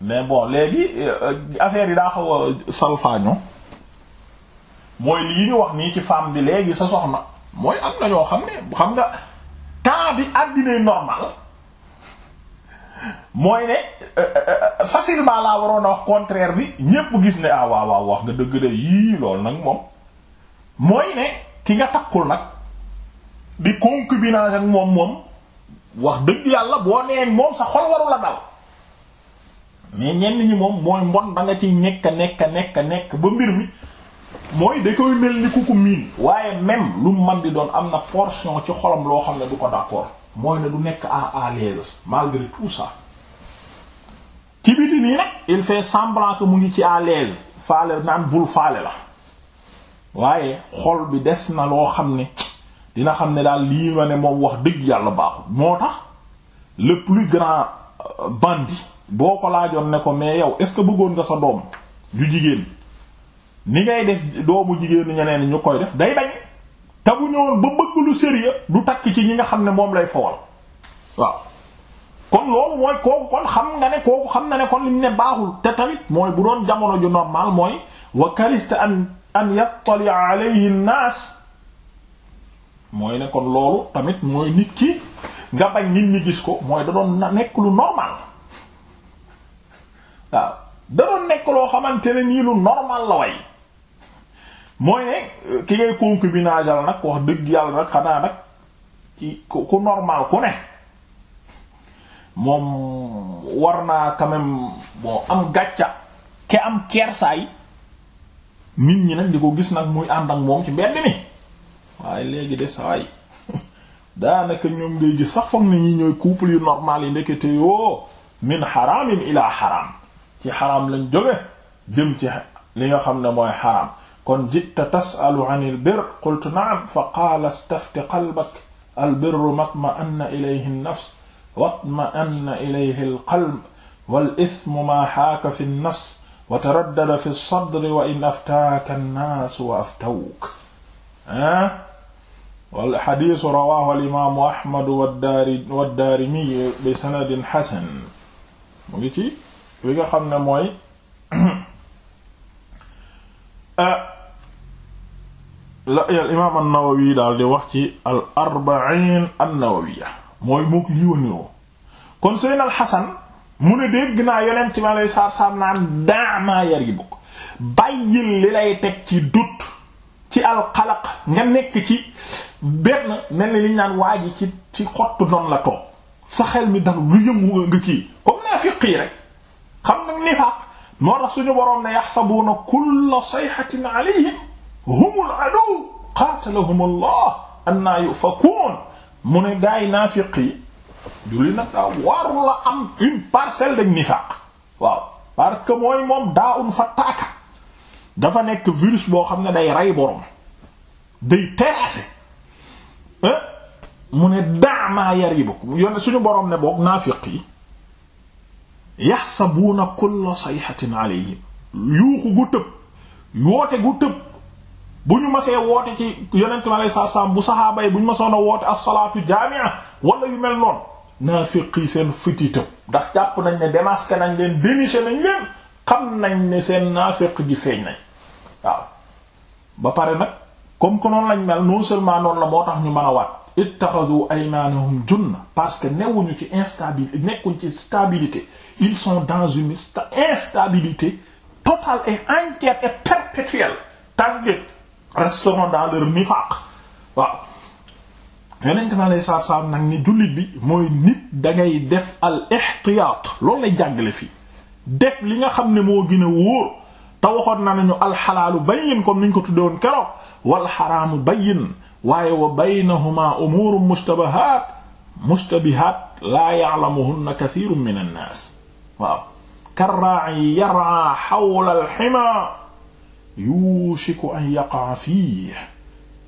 mais bon léegi euh, affaire yi daa xaw a salfaaño mooy lii ñu wax nii ci femme bi léegi sa soxna mooy am na ñoo xam ne xam nga temps bi àddina normal mooy ne euh, euh, euh, facilement laa waroon a wax contraire bi ñépp gis ne ah waaw wax nga dëgg de yii loolu nag moom mooy ne ki nga takkul nag di concubinage ak moom moom wax dëgg yàlla boo nee moom sa xol waru la dal mais ñenn ñi moom mooy mbon da nga ciy nekk nekk nekk nekk ba mbir mi mooy da koy mel ni ku ko miin waaye même lu man di doon am na portion ci xolam loo xam ne du ko d'accord mooy ne du nekk à à l'aise malgré tout ça ci biti nii nag il fait semblant que mu ngi ci à l'aise faale naan bul faale la waaye xol bi des na loo xam ne dina xam ne daal lii ma ne moom wax dëgg yàlla baaxul moo tax le plus grand euh, bandit boo ko laajoon ne ko mais yow est-ce que bëggoon nga sa doom ju jigéen ni ngay def doomu jigéen ñeneen ñu koy def day bañ te bu ñëwoon ba bëgg lu sérieux du takk ci ñi nga xam ne moom lay fowal waaw kon loolu mooy kooku kon xam nga ne kooku xam na ne kon lim ne baaxul te tamit mooy bu doon jamono ju normal mooy wa karihta an an naas mooy ne kon loolu tamit mooy nit ki nga bañ nit ñi gis ko mooy da doon nekk lu nekk loo xamante ne nii lu normal la way mooy ne ki ngay concubinage la nag wax dëgg yàlla nag xanaa nag ci ku normal ku ne moom war naa quand boo am gàcca ke am kersaay nit ñi nag di ko gis nag muy ànd ak moom ci mbedd mi waaye léegi de saay daanaka ñoom ngay gis sax foog nañu ñooy couple yu normal yi ndekete yoo min xaraamin ilaa xaraam ci xaraam lañ jóge jëm ci li nga xam ne mooy xaraam kon jitta tasalu an il bir qultu naam fa qaala stafti qalbak albirru matma anna ilayhi nnafs watma anna ilayhi alqalb walismu maa xaaka fi nnafs wa taraddada fi sadri wa in aftaaka annaas wa aftawk ah walxadisu rawahu alimaamu ahmadu waddaari waddaarimiyi bi sanadin xasan mu ngi ci li nga xam ne mooy ah la al imaam an-Nawawi daal di wax ci al arba'iin an-Nawawiyya mooy moo ko yónnoo kon Seydina al Hasan mu ne dégg naa yonent bi alayhi salaatu salaam naan da'ma yaribuk bàyyil li lay teg ci dut ci al xalaq nga nekk ci benn mel ni liñ naan waa ji ci ci xottu noonu la toog sa xel mi dal lu yëngu nga kii comme naafiq yi rek xam nga nifaaq moo tax suñu boroom ne yaxsabuuna kulla sayhatin alayhim humul aduw qaatalahum allah anna yufakuun mu ne gaa yi naafiq yi nag daa waru la am une parcelle de nifaaq waaw mooy moom daa un fattaaka dafa nekk virus boo xam ne day rey borom day terrasser eh? mu ne daa maa yaribuk yone suñu borom ne boog naafiq yi yaxsabuuna kulla sayhatin alayhim yuuxu gu tëb yoote gu bu ñu masee woote ci yonent mi alayhi salaatu salaam bu saxaaba yi bu ñu masoon a woote as-salaatu jaami'a wala yu mel noonu naafiq yi seen fititam ndax jàpp nañ ne démasqué nañ leen déniché nañ leen xam nañ ne seen naafiq gi feeñ nañ waaw ba pare nag comme que noonu lañ mel non seulement noonu la moo tax ñu mën a waat ittaxazu aymaanahum junna parce que newuñu ci instabilité nekkuñ ci stabilité ils sont dans une instabilité totale et entière et perpétuelle tàngeet resteront dans leur nifaq waaw na mi aleyhi salaatu salaam nag ni jullit bi mooy nit dangay def al ixtiyaat lool lay jàngale fi def li nga xam ne moo gën a wóor te waxoon na nañu alxalaalu bayyin comme niñ ko tudde woon keroog wal xaraamu bayyin waaye wa baynahuma umuurun mustabahaat mustabihaat laa ya'lamuhunna kathiirun min an-naas waaw karraa'i yar'aa xawla al-himaa yushiku an yaqaa fii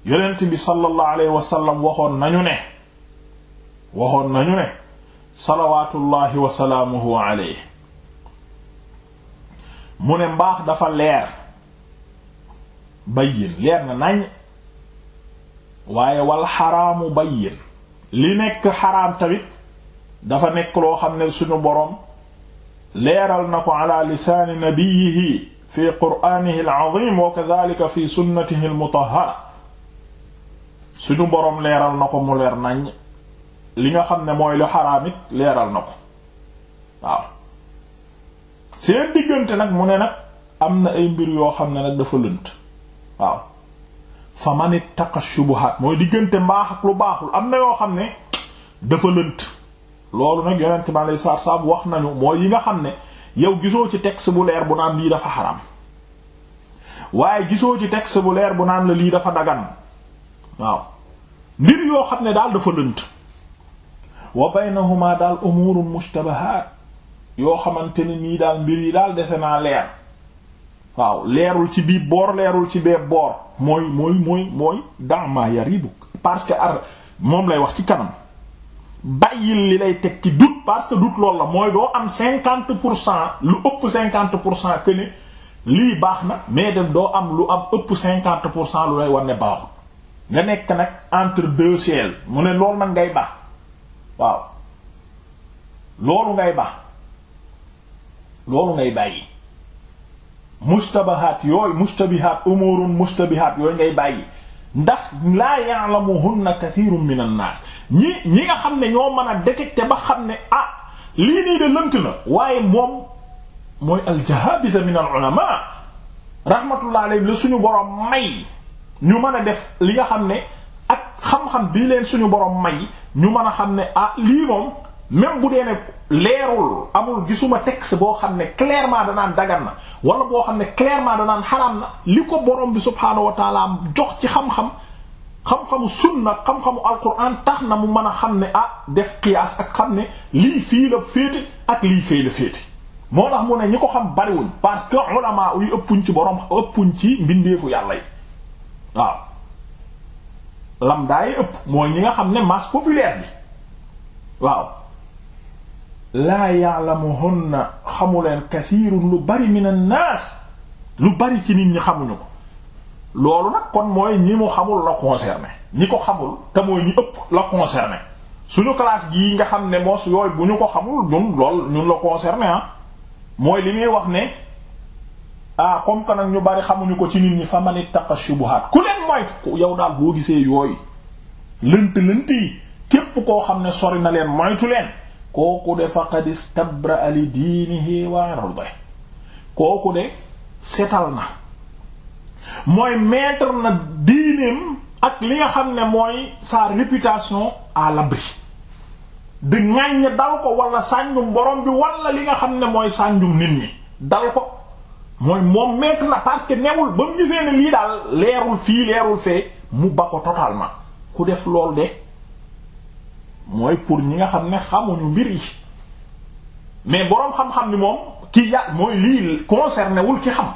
yonent bi sallallahu alayhi wa sallam waxoon nañu ne waxoon nañu ne salawatullahi wa salaamuhu alayhi mu ne mbaax dafa leer bayyin leer na nañ waaye wal xaraamu bayyin li nekk xaraam tamit dafa nekk loo xam ne suñu boroom leeral na ko ala lisaani nabiyihi fi qur'anihi al-azim wa kadhalika fi sunnatihi al-mutahhara suñu boroom leeral na ko mu leer nañ li nga xam ne mooy lu leeral na ko waaw diggante nag mu ne nag am na ay mbir yoo xam ne nag dafa lënt waaw fa man ittaqa shubuhat mooy diggante mbaax ak lu baaxul am na yoo xam ne dafa lënt loolu nag yonent ma lay saar saab wax nañu mooy yi nga xam ne yow gisoo ci texte bu leer bu naan lii dafa xaram waaye gisoo ci texte bu leer bu naan la lii dafa dagan waaw mbir yoo xam ne daal dafa lënt wa baynahuma daal umuurun mushtabahaat yoo xamante ne nii daal mbir yi daal dese naa leer waaw leerul ci bii boor leerul ci bee boor mooy mooy mooy mooy dama yaribuk parce que ar moom lay wax ci kanam bàyyil li lay teg ci doute parce que doute loolu la mooy doo am cinquante pour cent lu ëpp cinquante pour cent que ne lii baax na mais dem doo am lu am ëpp cinquante pour cent lu lay war ne baaxul nga nekk nag entre deux mu ne loolu nag ngay baax waaw loolu ngay baax loolu ngay bàyyi mustabahaat yooyu mustabihaat umurun mustabihaat yooyu ngay bàyyi ndax laa ya'lamuhunna kathirun min an naas ñi ñi nga xam ne ñoo mën a détecter ba xam ne ah lii nii de lënt na waaye moom mooy al-jahabitha min al-ulama rahmatullah alayhi la suñu borom may ñu mën a def li nga xam ne ak xam-xam bii leen suñu borom may ñu mën a xam ne ah lii moom même bu dee ne leerul amul gisuma texte boo xam ne clairement danaan dagan na wala boo xam ne clairement danaan xaraam na li ko boroom bi subhaanahu wa taala jox ci xam-xam xam-xamu sunna xam-xamu alquran tax na mu mën a xam ne ah def qiyaas ak xam ne lii fii la féete ak lii fee la féete moo tax mu ne ñi ko xam bariwuñ parce que ulama yi ëppuñ ci borom ëppuñ ci mbindeefu yàlla yi waaw lam daay ëpp mooy ñi nga xam ne masse populaire bi waaw laa ya'lamuhunna xamuleen kasiirun lu bari minan naas lu bari ci nit ñi xamuñu ko loolu nag kon mooy ñi mu xamul la concerné ñi ko xamul te mooy ñi ëpp la concerné suñu classe gii nga xam ne mos yooyu bu ñu ko xamul ñun lool ñun la concerné ah mooy li muy wax ne ah comme que nag ñu bari xamuñu ko ci nit ñi fa man ittaqa shubuhaat ku leen moytu yow daal boo gisee yooyu lënt lënt yi képp koo xam ne sori na leen moytu leen kooku de faqad istabra li diinihi wa irdihi kooku de setal na mooy metre na diineem ak li nga xam ne mooy sa réputation à l'abri di ŋàññ dal ko wala sànjum borom bi walla li nga xam ne mooy sànjum nit ñi dal ko mooy moom mettre na parce que newul ba mu gisee ne lii daal leerul fii leerul fee mu ba ko totalement ku def loolu de mooy pour ñi nga xam ne xamuñu mbir yi mais boroom xam-xam ni moom ki ya mooy lii concerné wul ki xam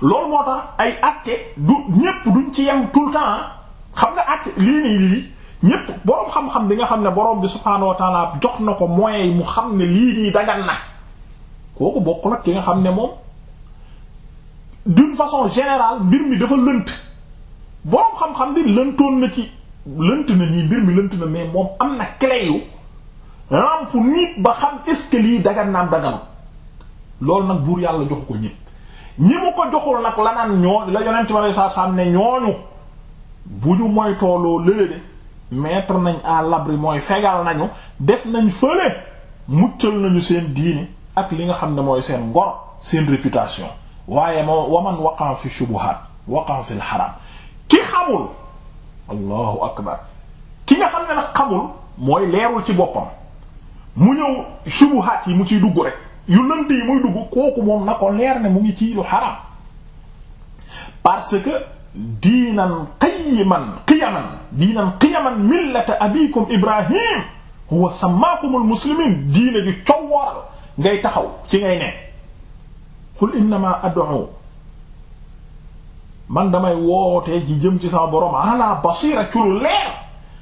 loolu moo tax ay acte du ñépp duñ ci yem tout le temps ah. xam nga acte lii nii lii ñépp boroom xam-xam bi nga xam ne boroom bi subhaanahu wa jox na ko mooy yi mu xam ne lii nii dagan na kooku bokkul ak ki nga xam ne moom d'une façon général mbir mi dafa lënt boroom xam-xam bi lëntoon na ci lënt na nii mbir mi lënt na mais moom am na clé yu lamp nit ba xam est-ce lii dagan naan dagan loolu nag buur yàlla jox ko ñëpp ñi mu ko joxul nag la naan ñoo la yonent ma lay saam ne ñooñu bu ñu mooy tooloo lële de mettre nañ à l'abri mooy fegal nañu def nañ fële muccal nañu seen diini ak li nga xam ne mooy seen ngor seen réputation waaye moo waman waqan fi shubuhat waqan fil haram ki xamul allahu akbar ki nga xam ne nag xamul mooy leerul ci boppam mu ñëw subuhaat yi mu ciy dugg rek yu lënt yi muy dugg kooku moom na ko leer ne mu ngi ci lu xaram parce que diinan qiyiman qiyaman diinan qiyaman millata abikum ibrahim huwa samaakumul muslimin diine ju cow ngay taxaw ci ngay ne qul innama ad'u man damay wootee ci jëm ci sax borom ala basira ci lu leer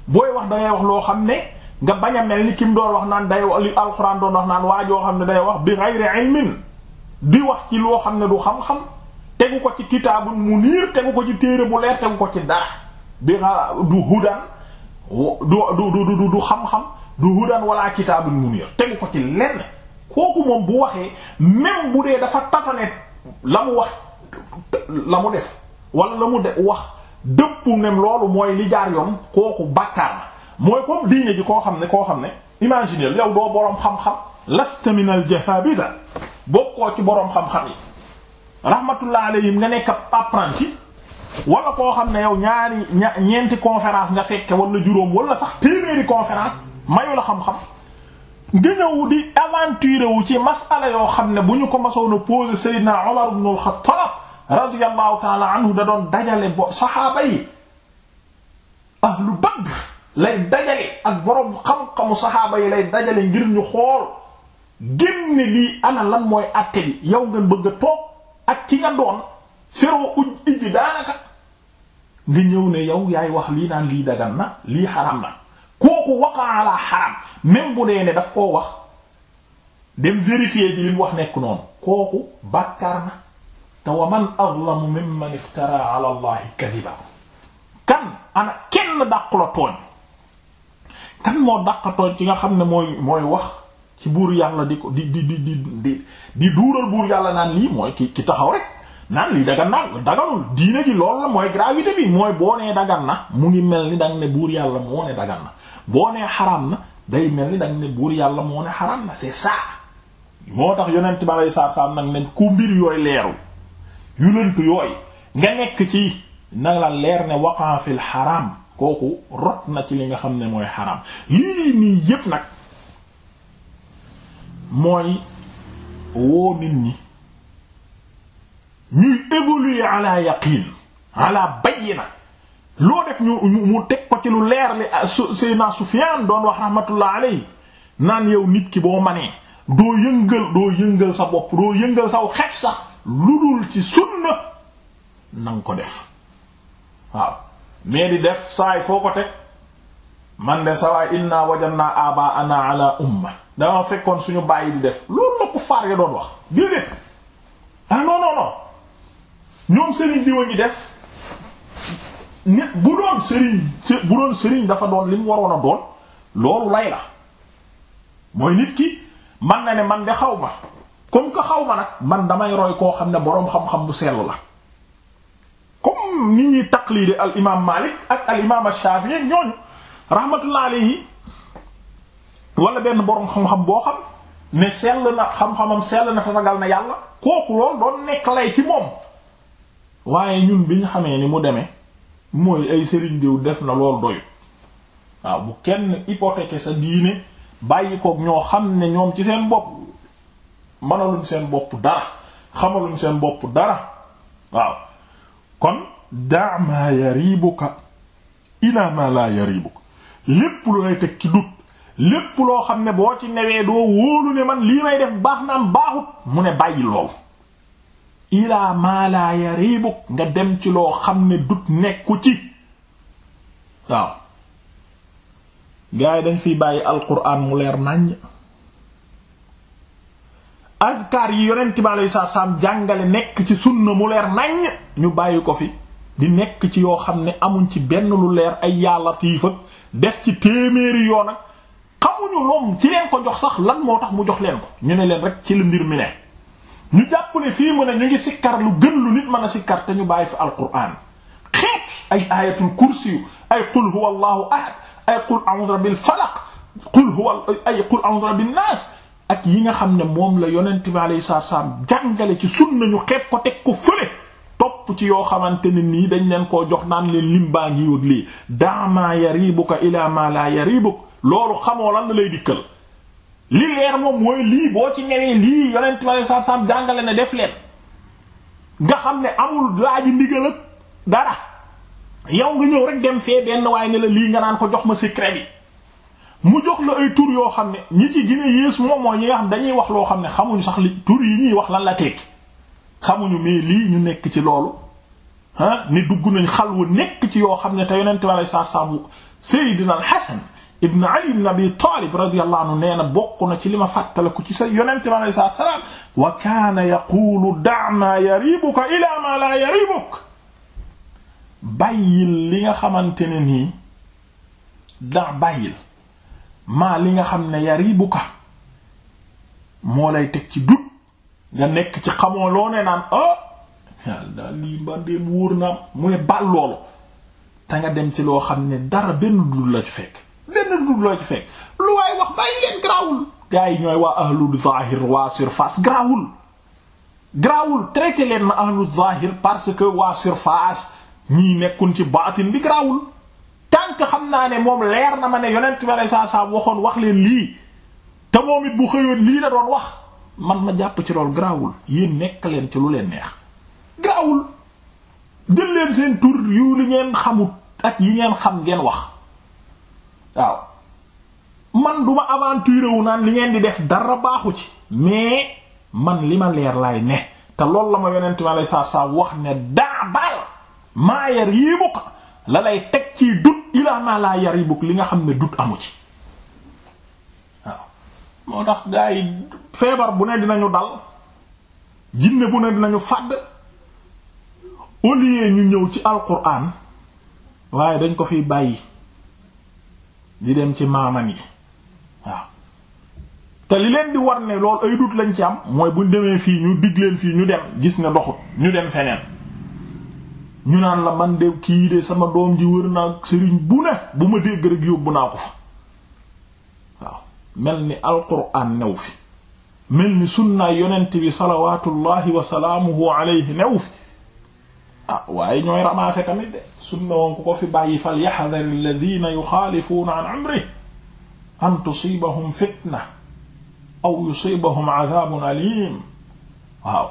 booy wax dangay wax loo xam ne nga bañ a mel ni kim doon wax naan day li alxuraan doon wax naan waa joo xam ne day wax bi ghayri ilmin di wax ci loo xam ne du xam-xam tegu ko ci kitaabun munir tegu ko ci téere bu leer tegu ko ci dara bi du hudan du du du du xam-xam du hudan wala kitaabun munir tegu ko ci lenn kooku moom bu waxee même bu dee dafa tatane la mu wax la mu def wala la mu de wax dëppu ne loolu mooy li jaar yoon kooku bàkkaar na mooy comme diine ji koo xam ne koo xam ne imaginer yow doo boroom xam-xam lasta min al jahabiza bokkoo ci boroom xam-xam yi rahmatullah alayhim nga nekk apprenti wala koo xam ne yow ñaari ñeenti conférence nga fekke wala juróom wala sax téeméeri conférence mayu la xam-xam nga ñëw di aventure wu ci masala yoo xam ne bu ñu ko masoon a posé Seydina Omar ibn al radiyallahu taala anhu da doon dajale bo saxaaba yi ahlu badr lay dajale ak boroom xam-xamu saxaaba yi lay dajale ngir ñu xool génne lii ana lan mooy àtte bi yow ngeen bëgg a toog ak ki nga doon feroo uj ijj daanaka nga ñëw ne yow yaay wax lii naan lii dagan na lii xaram na kooku waqaa ala xaram même bu dee daf koo wax dem vérifier ji li wax nekk noonu kooku bàkkaar na te wa man azlamu mimman iftara ala allahi kadiba kan ana kenn dàq tooñ kan moo dàq tooñ ki nga xam ne mooy mooy wax ci buur yàlla di ko di di di duural buur yàlla naan lii mooy ki taxaw rek naan lii dagan na daganul diine ji loolu la mooy gravité bi mooy boo nee dagan na mu ngi mel ni danga ne buur yàlla moo ne dagan na boo nee xaraam na day mel ni danga ne buur yàlla moo ne xaraam na c'est ça moo tax yonent bi alei saatu salaam nag ne ku mbir yooyu leerul yu lëntu yooyu nga nekk ci na la leer ne waqan fil kooku rot na ci li nga xam ne mooy xaram lii nii yépp nag mooy woo nit ñi ñuy évoluer ala yaqin ala bayina loo def ñu mu teg ko ci lu leer li ah, Seydina Sufyaan doon wax rahmatullah alayhi naan yow nit ki boo manee doo yëngal doo yëngal sa bopp doo yëngal saw xef sax lu dul ci sunna nanga ko def waaw mais di def saay foo ko teg man de sawaay inna wajanna aba ana ala umma dama fekkoon suñu bàyyi di def loolu la ko faar ya doon wax déedéet ah non non non ñoom sëriñ diwa ngi def ni bu doon sëriñ bu doon sëriñ dafa doon li mu waroon a doon loolu lay la mooy nit ki man na ne man de xaw ma comme que xaw ma nag man damay roy koo xam ne boroom xam-xam bu sell la comme ni ñuy taqlide al imaam Maalik ak al imaam Shaafi'i ñooñu rahmatullah alayhi wala benn boroom xam-xam boo xam ne sell na xam-xamam sell na tatagal na yàlla kooku lool doon nekk lay ci moom waaye ñun bi ñu xamee ni mu demee mooy ay sëriñ diw def na lool doyu waaw bu kenn hypothéquer sa diine bàyyi koog ñoo xam ne ñoom ci seen bopp mënaluñ seen bopp dara xamaluñ seen bopp dara waaw kon daa ma yaribuka ila ma la yaribuka lépp lu lay teg ci dut lépp loo xam ne boo ci newee doo wóolu ne man lii may def baax na baaxut mu ne bàyyi lool ila ma la nga dem ci loo xam ne dut nekku ci waaw gaa yi dañ fiy bàyyi alquran mu leer nàññ azkar yi yonent bi alayhi salaam jàngale nekk ci sunna mu leer naññ ñu bàyyi ko fi di nekk ci yoo xam ne amuñ ci benn lu leer ay yàlla latiif def ci téeméeri yoon ak xamuñu loom ci leen ko jox sax lan moo tax mu jox leen ko ñu ne leen rek ci lu mbir mi ne ñu jàpp ne fii mu ne ñu ngi sikkar lu gën lu nit mën a sikkar te ñu bàyyi fi alquran xeet ay ayatul kursi ay qul huwa allahu ahad ay qul a'udhu rabbil falaq qul huwa ay qul a'udhu rabbin nas ak yi nga xam ne moom la yonent bi alayhi salaam jàngale ci sunna nañu xeeb ko teg ko fële topp ci yoo xamante ne nii dañ leen koo jox naan leen lim baa ngi wut lii daamaa yaribuka ilaa maa laa yaribuk loolu xamoo lan lay dikkal li leer moom mooy lii boo ci ñëwee lii yonent bi alayhi salaam jàngale na def leen nga xam ne amul laaji ndigal ak dara yow nga ñëw rek dem fee benn waaye ne la lii nga naan ko jox ma secret bi mu jox la ay tur yoo xam ne ñi ci gine yées moom mooy ñi nga xam dañuy wax loo xam ne xamuñu sax li tur yi ñuy wax lan la tekki xamuñu mais lii ñu nekk ci loolu ah ni dugg nañ xalwa nekk ci yoo xam ne te yonent bi alei sat selaam Seydina al Hasan ibn Ali ibn Abi Talib radiyallahu anhu nee na bokk na ci li ma fàttaliku ci sa yonent bi alei sat salaam wa kaana yaqulu da' ma yaribuka ila ma la yaribuk yi li nga xamante ne nii da bàyyil maa li nga xam ne yari bu moo lay teg ci dut nga nekk ci xamoo loo ne naan ah daal lii mbandeem wóor naam mu ne bal loolu te dem ci loo xam ne dara benn dut la ci fekk benn dut la ci fekk lu waaye wax bàyyi leen grawul gaa yi ñooy waa ahlul zahir waa surface grawul grawul traité leen ma ahlul zahir parce que waa surface ñii nekkun ci baatin bi grawul tànk xam naa ne moom leer na ma ne yonent bi alei sat salaam waxoon wax leen lii te moom it bu xëyoon lii la doon wax man ma jàpp ci loolu grawul yéen nekk leen ci lu leen neex grawul jël li ngeen xamut ak yi ngeen xam ngeen wax waaw man duma aventure wu naan li ngeen di def dara baaxu ci mais man li ma leer laay ne te loolu la ma yonent ma lay saar saar wax ne daa baal maayar yii mu la lay teg ci dut ilaa yar la yaribuk li nga xam ne dut amu ci waaw moo tax gaa yi feebar bu ne dinañu dal jinne bu ne dinañu fàdd au lieu ñu ñëw ci alquran waaye dañ ko fi bàyyi di dem ci maamam yi waaw te li leen di war ne loolu ay dut lañ ci am mooy buñ demee fii ñu dig leen fii ñu dem gis ne doxut ñu dem feneen ñu naan la man de kii de sama doom ji wër naa sëriñ bu ne bu ma dégg rek yóbbu naa ko fa mel ni alquran new fi mel ni sunnaay yonent bi salawatullahi wa salaamuhu alayhi new fi ah waaye ñooy ko fi bàyyi fal yaxdar alladina yuxaalifuuna an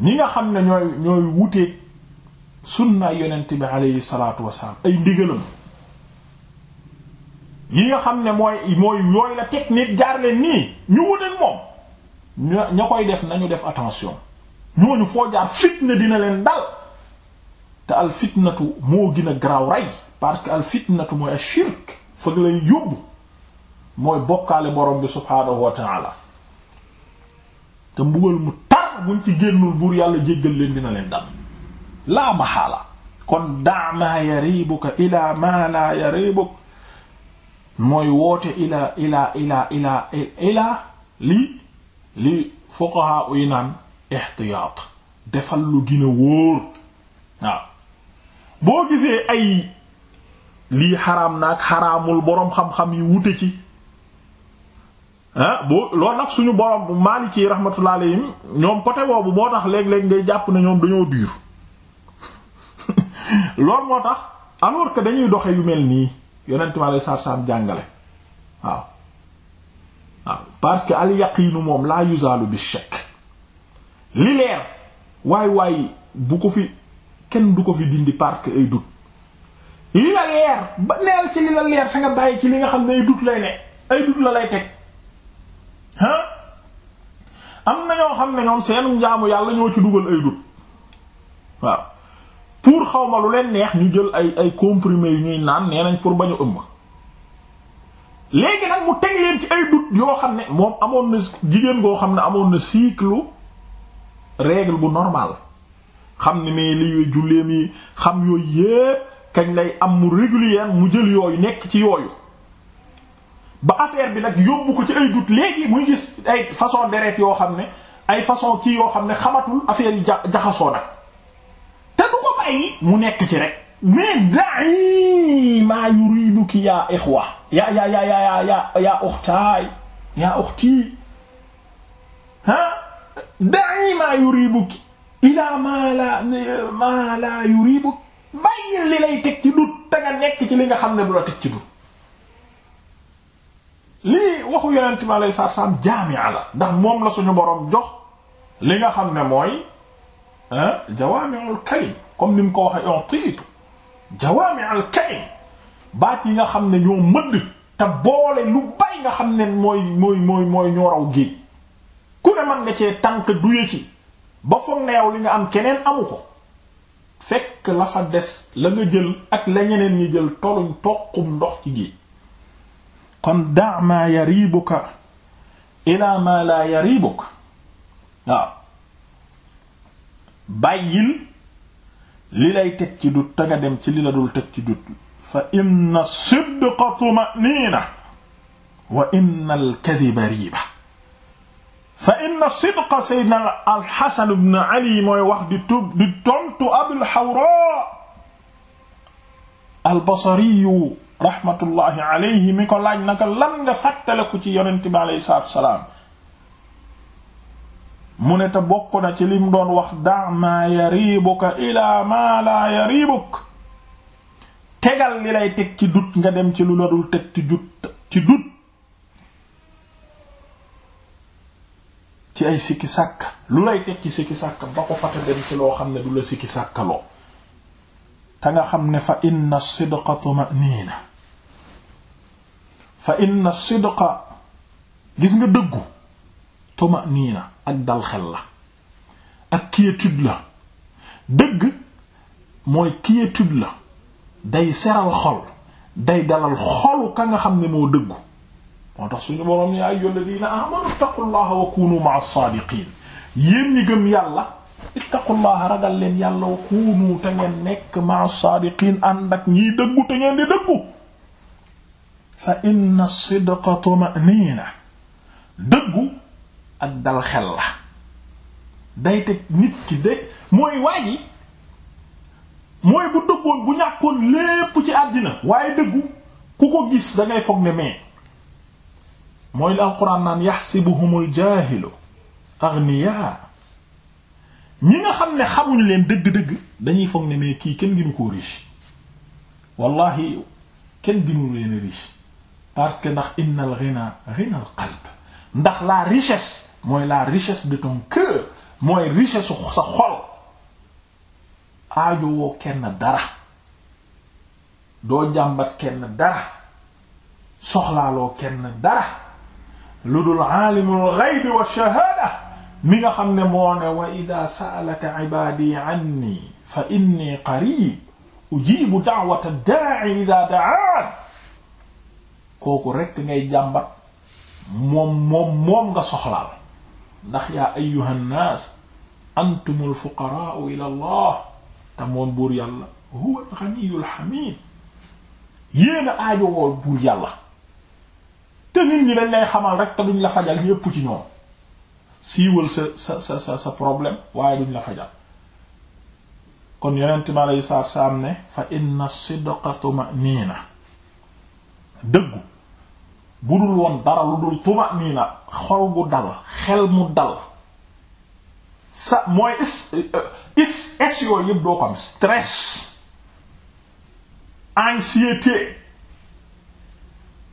nga xam ne ñooy ñooy sunnaay yonent bi aleyhi salaatu wasalaam ay ndigalam yi nga xam ne mooy mooy yooyu la teg nit jaar leen nii ñu wuteeg moom ña koy def nañu def attention ñooñu foo jaar fitna dina leen dal te al fitnatu moo gën a garaaw rey parce que al fitnatu mooy al shirk fëg lay yóbbu mooy bokkaale borom bi subhaanahu wa te mbugal mu tar buñ ci génnul buur yàlla jéggal leen dina leen dal laa maxaala kon daa maa yaribuka ilaa maa laa yaribuk mooy woote ilaa ilaa ilaa ilaa ilaa lii li fuqaha uy naan ixtiyaat defal lu gën a wóor waaw boo gisee ay lii xaraam naag xaraamul boroom xam-xam yi wute ci ah boo loolu nag suñu boroom Maalik yi rahmatullah alayhim ñoom côté boobu moo tax léeg-léeg ngay jàpp ne ñoom dañoo diir loolu moo tax alors que dañuy doxe yu mel nii yonent mi alei satu salaam jàngale waaw waaw parce que al yaqiinu moom laa yuzaalu bi shakk li leer waay waay bu ko fi kenn du ko fi dindi parce que ay dut li la leer ba leer ci li la leer sa nga bàyyi ci li nga xam ne ay dut lay ne ay dut la lay teg ah am na ñoo xam ne ñoom seenu njaamu yàlla ñoo ci dugal ay dut waaw pour ma lu leen neex ñu jël ay ay comprimés yu ñuy naan nee nañ pour bañu ëmb léegi nag mu teg leen ci ay doute yoo xam ne moom amoon na jigéen goo xam ne amoon na cycle règle bu normal xam ne mais li yooyu julleem yi xam yooyu yëpp kañ lay am mu régulier mu jël yooyu nekk ci yooyu ba affaire bi nag yóbbu ko ci ay doute léegi muy gis ay façon deret yoo xam ne ay façon ci yoo xam ne xamatul affaire yi jaxasoo nag yi mu nekk ci rek mais da'i maa yuriduki yaa ixwa yaa yaa yaa yaa yaa yaa uxtaay yaa uxtii ah da'i maa yuriduki ilaa maa laa maa laa yuriduki bàyyi li lay teg ci dut te nga nekk ci li nga xam ne du la teg ci dut lii waxu yonent bi alayhi salaatu salaam jaami'a la ndax moom la suñu boroom jox li nga xam ne mooy jawaami'ul kalim comme ni mu ko waxee utiitu jawaami al baat yi nga xam ne ñoo mëdd te boole lu bay nga xam ne mooy mooy mooy mooy ñoo raw géej ku ne nga cee tànk duye ci ba foog ne li nga am keneen amu ko fekk la fa des la nga jël ak la ñeneen ñi jël toluñ toqum ndox ci géej kon daa ma yaribuka ila ma la yaribuka bàyyil li lay teg ci dut te nga dem ci li la dul teg ci dut fa inna sidqa tumanina wa inna alkadiba riiba fa inna sidqa sayyidina alxasan ibn ali mooy wax di tub di tontu abul xawra albasariyu rahmatullahi alayhi mi ko laaj naka lan nga fàttaliku ci yonent bi alayhi salaatu wa salaam mu ne te bokk na ci lim doon wax da ma yariibuka ma laa yariibuk tegal li lay teg ci dut nga dem ci lu la dul teg ci dut ci ay sikki sàkk lu lay teg ci sikki sàkk ba ko fata dem ci loo xam ne du la sikki sàkkaloo te nga xam ne fa inna sidqa tumaniina fa inna sidqa gis nga dëggu tumaniina ak dal xel la ak quiétude la dëgg mooy quiétude la day seral xol day dalal xolu ka nga xam ne moo dëggu moo tax suñu boroom ne ayyuhal ladina amanu ittaqullaha wa kunu ma'as saadiqin yéen ñi gëm yàlla ittaqullaha ragal leen yàlla wa kunu te nekk ma'as saadiqin ànd ak ñiy dëggu te di dëggu fa inna sidqa tuma'nina dëggu ak dal xel la day teg nit ki de mooy waa ji mooy bu dëggoon bu ñàkkoon lépp ci àddina waaye dëggu ku ko gis da foog ne mais mooy la alquran naan yaxsibuhumul jaahilu aghniya ñi nga xam ne xamuñu leen dëgg-dëgg dañuy foog ne mais kii kenn ginu koo riche wallahi kenn ginu leen riche parce que ndax innal ghina ghina al qalb ndax la richesse mooy la riches de ton cœur mooy richesse sa xol aajo woo kenn dara doo jàmbat kenn dara soxlaaloo kenn dara lu dul aalimul ghaybi wa shahaada mi nga xam ne moo ne wa ida saalaka ibaadi anni fa inni qarib ujibu da'wata da'i ida da'an kooku rekk ngay jàmbat moom moom moom nga soxlaal ndax yaa ayyuha nnaas antumul fuqaraa'u ila allah te moom buur yàlla huwa al-ghaniyyul hamid yéen a buur yàlla te nit ñi dañ lay xamal rek te duñ la fajal ñépp ci ñoom siiwal sa sa sa problème waaye duñ la fajal kon yonent mi aleyhi salaatu salaam ne fa inna sidqa tuma'nina dëggu bu dul woon dara lu dul tuma nii na xol gu dal xel mu dal sa mooy is eh, is is yooyu yëpp doo ko am stress anxiété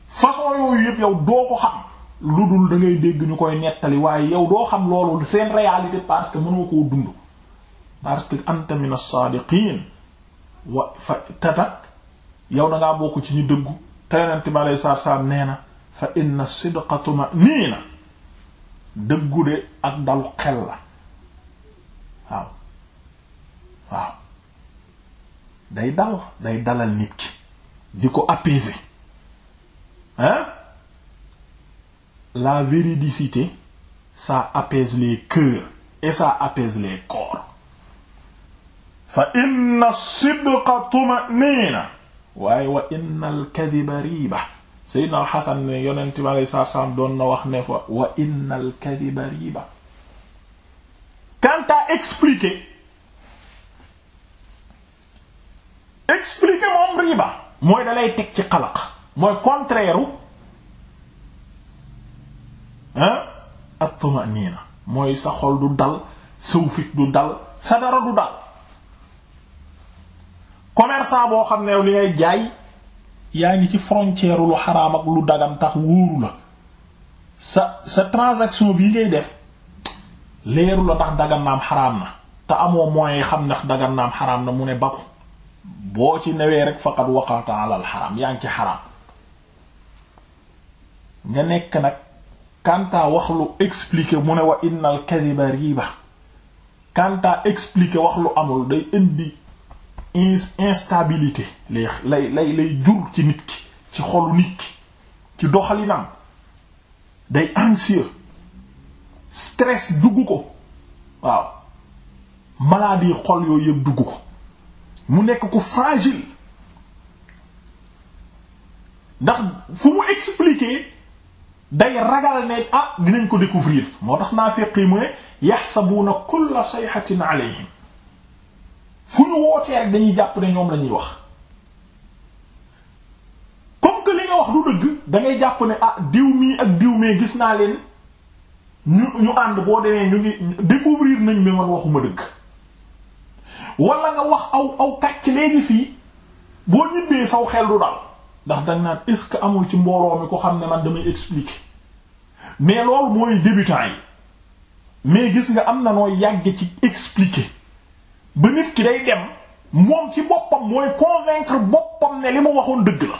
façon yooyu yëpp yow doo ko xam lu dul da ngay dégg ñu koy nettali waaye yow doo xam loolu seen réalité parce que mënoo koo dund parce que anta min as wa fa tatak yow da ngaa bokk ci ñu dëggu te yonent bi aleyhi nee na fa inna sidqa tuma'nina dëggu de ak dalu xel la waaw waaw day dal day dalal nit ki di ko apaiser hein la véridicité ça apaise les cœurs et ça apaise les corps fa inna sidqa tuma'nina waaye wa inna al-kadhiba riba Seydina al Xasan ne yonent bi alei saatu salaam doon na wax ne fa wa inna al kadiba riba quant à moom riba mooy dalay teg ci xalaq mooy contraire u ah mooy sa xol du dal saw fit du dal sa dara du dal commerçant boo xam ne li ngay jaay yaa ngi ci frontière lu xaraam ak lu dagan wóoru la sa sa transaction bii ngay def leeru la tax dagan naam na te amoo moyen xam ndax dagan naam xaraam na mu ne ba boo ci newee rek faqat waqata ala al yaa ngi ci xaraam nga nekk nag kanta wax lu expliquer mu ne wa innal kadhiba riba kanta expliquer wax lu amul day indi instabilité lay lay lay lay jur ci nit ki ci xolu nit ki ci doxalinam day anxieux stress dugg ko waaw maladie xol yooyu yëpp dugg ko mu nekk ko fragile ndax fu mu expliquer day ragal ne ah dinañ ko découvrir moo tax naa feqi mu ne yaxsabuuna kulla sayhatin alayhim fu ñu wootee dañuy jàpp ne ñoom lañuy wax comme que li nga wax du dëgg dangay jàpp ne ah diw mii ak diw mee gis naa leen ñu ñu ànd boo demee ñu ngi découvrir nañ bi ma waxuma dëgg wala nga wax aw aw kàcc léegi fii boo ñibbee saw xel du dal ndax danga naan est amul ci mbooloo mi ko xam ne man damay expliquer mais loolu mooy débutant yi mais gis nga am na noo yàgg ci expliquer ba nit ki day dem moom ci boppam mooy convaincre boppam ne li ma waxoon dëgg la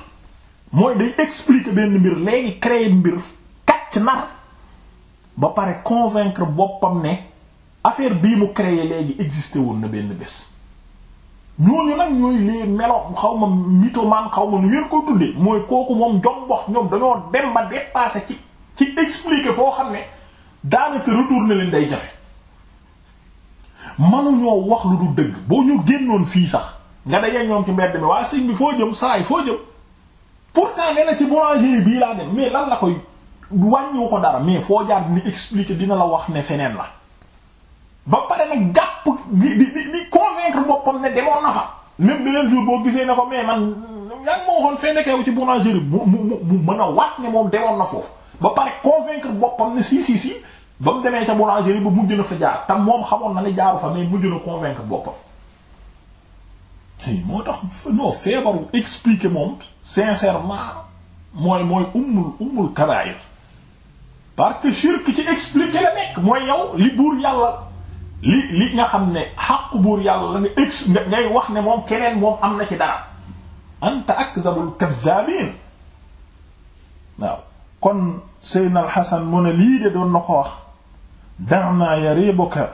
mooy day expliquer benn mbir léegi créer mbir kàcc nar ba pare convaincre boppam ne affaire bii mu créer léegi existé woon na benn bés ñooñu nag ñooy les melo xaw ma mythomane xaw ma nu ngeen ko tuddee mooy kooku moom jom wax ñoom dañoo dem ba dépassé ci ci expliquer foo xam ne daanaka ne leen day jafe ñoo wax lu du dëgg boo ñu génnoon fii sax nga daje ñoom ci mbedd mi waaye sëñ bi foo jëm saa yi foo jëm pourtant nee na ci boulangerie bii laa dem mais lan la koy wàññiwu ko dara mais foo jaar ni expliquer dina la wax ne feneen la ba pare nag jàpp di di di convaincre boppam ne demoon na fa même beneen jour boo gisee ne ko mais man yaa ngi ma waxoon fee nekkeewu ci boulangerie mu mu mu mën a waat ne moom demoon na foofu ba pare convaincre boppam ne si si ba mu demee ca boulangerie ba mujj na fa jaar tam moom xamoon na ne jaaru fa mais mujj na convaincre boppam. moo tax non feebaru expliquer moom sincèrement mooy mooy ummul ummul kabaa'ir parce que shirk ci expliquer la nekk mooy yow li buur yàlla li nga xam ne xàqu buur yàlla la nga ex ngay wax ne moom keneen moom am na ci dara anta akdabul kaddaabin waaw kon Seydina Al Hasan mu ne lii de doon na ko wax da' maa yariibuka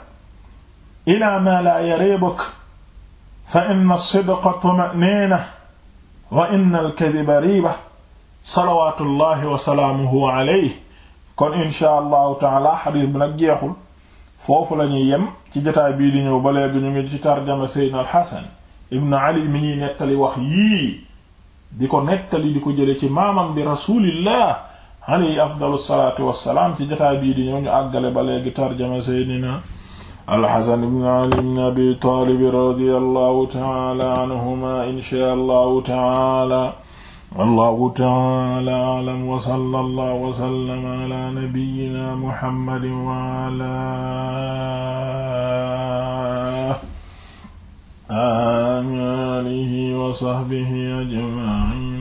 ilaa maa laa yariibuka fa inna as-sidqa tuma'niina wa inna al-kadhiba riiba salawaatu llahi wa salaamuhu alayhi kon inshaa allahu taala xadiis bi nag jeexul foofu la ñuy yem ci jotaay bii di ñëw ba léegi ñu ngi ci tarjama Seydina al-Hasan ibn Ali mi ñuy nettali wax yii di ko nettali di ko jële ci maamam bi rasulillah alayhi afdalu salaatu wassalaam ci jotaay bii di ñëw ñu àggale ba léegi tarjama seydina alxasan ibn ali ibn abi taalib radiyallahu taala anhuma inshaa allahu taala wallahu taala alam wa sallallahu wa sallama ala nabiyyina muhammadin wa ala alihi wa sahbihi ajma'in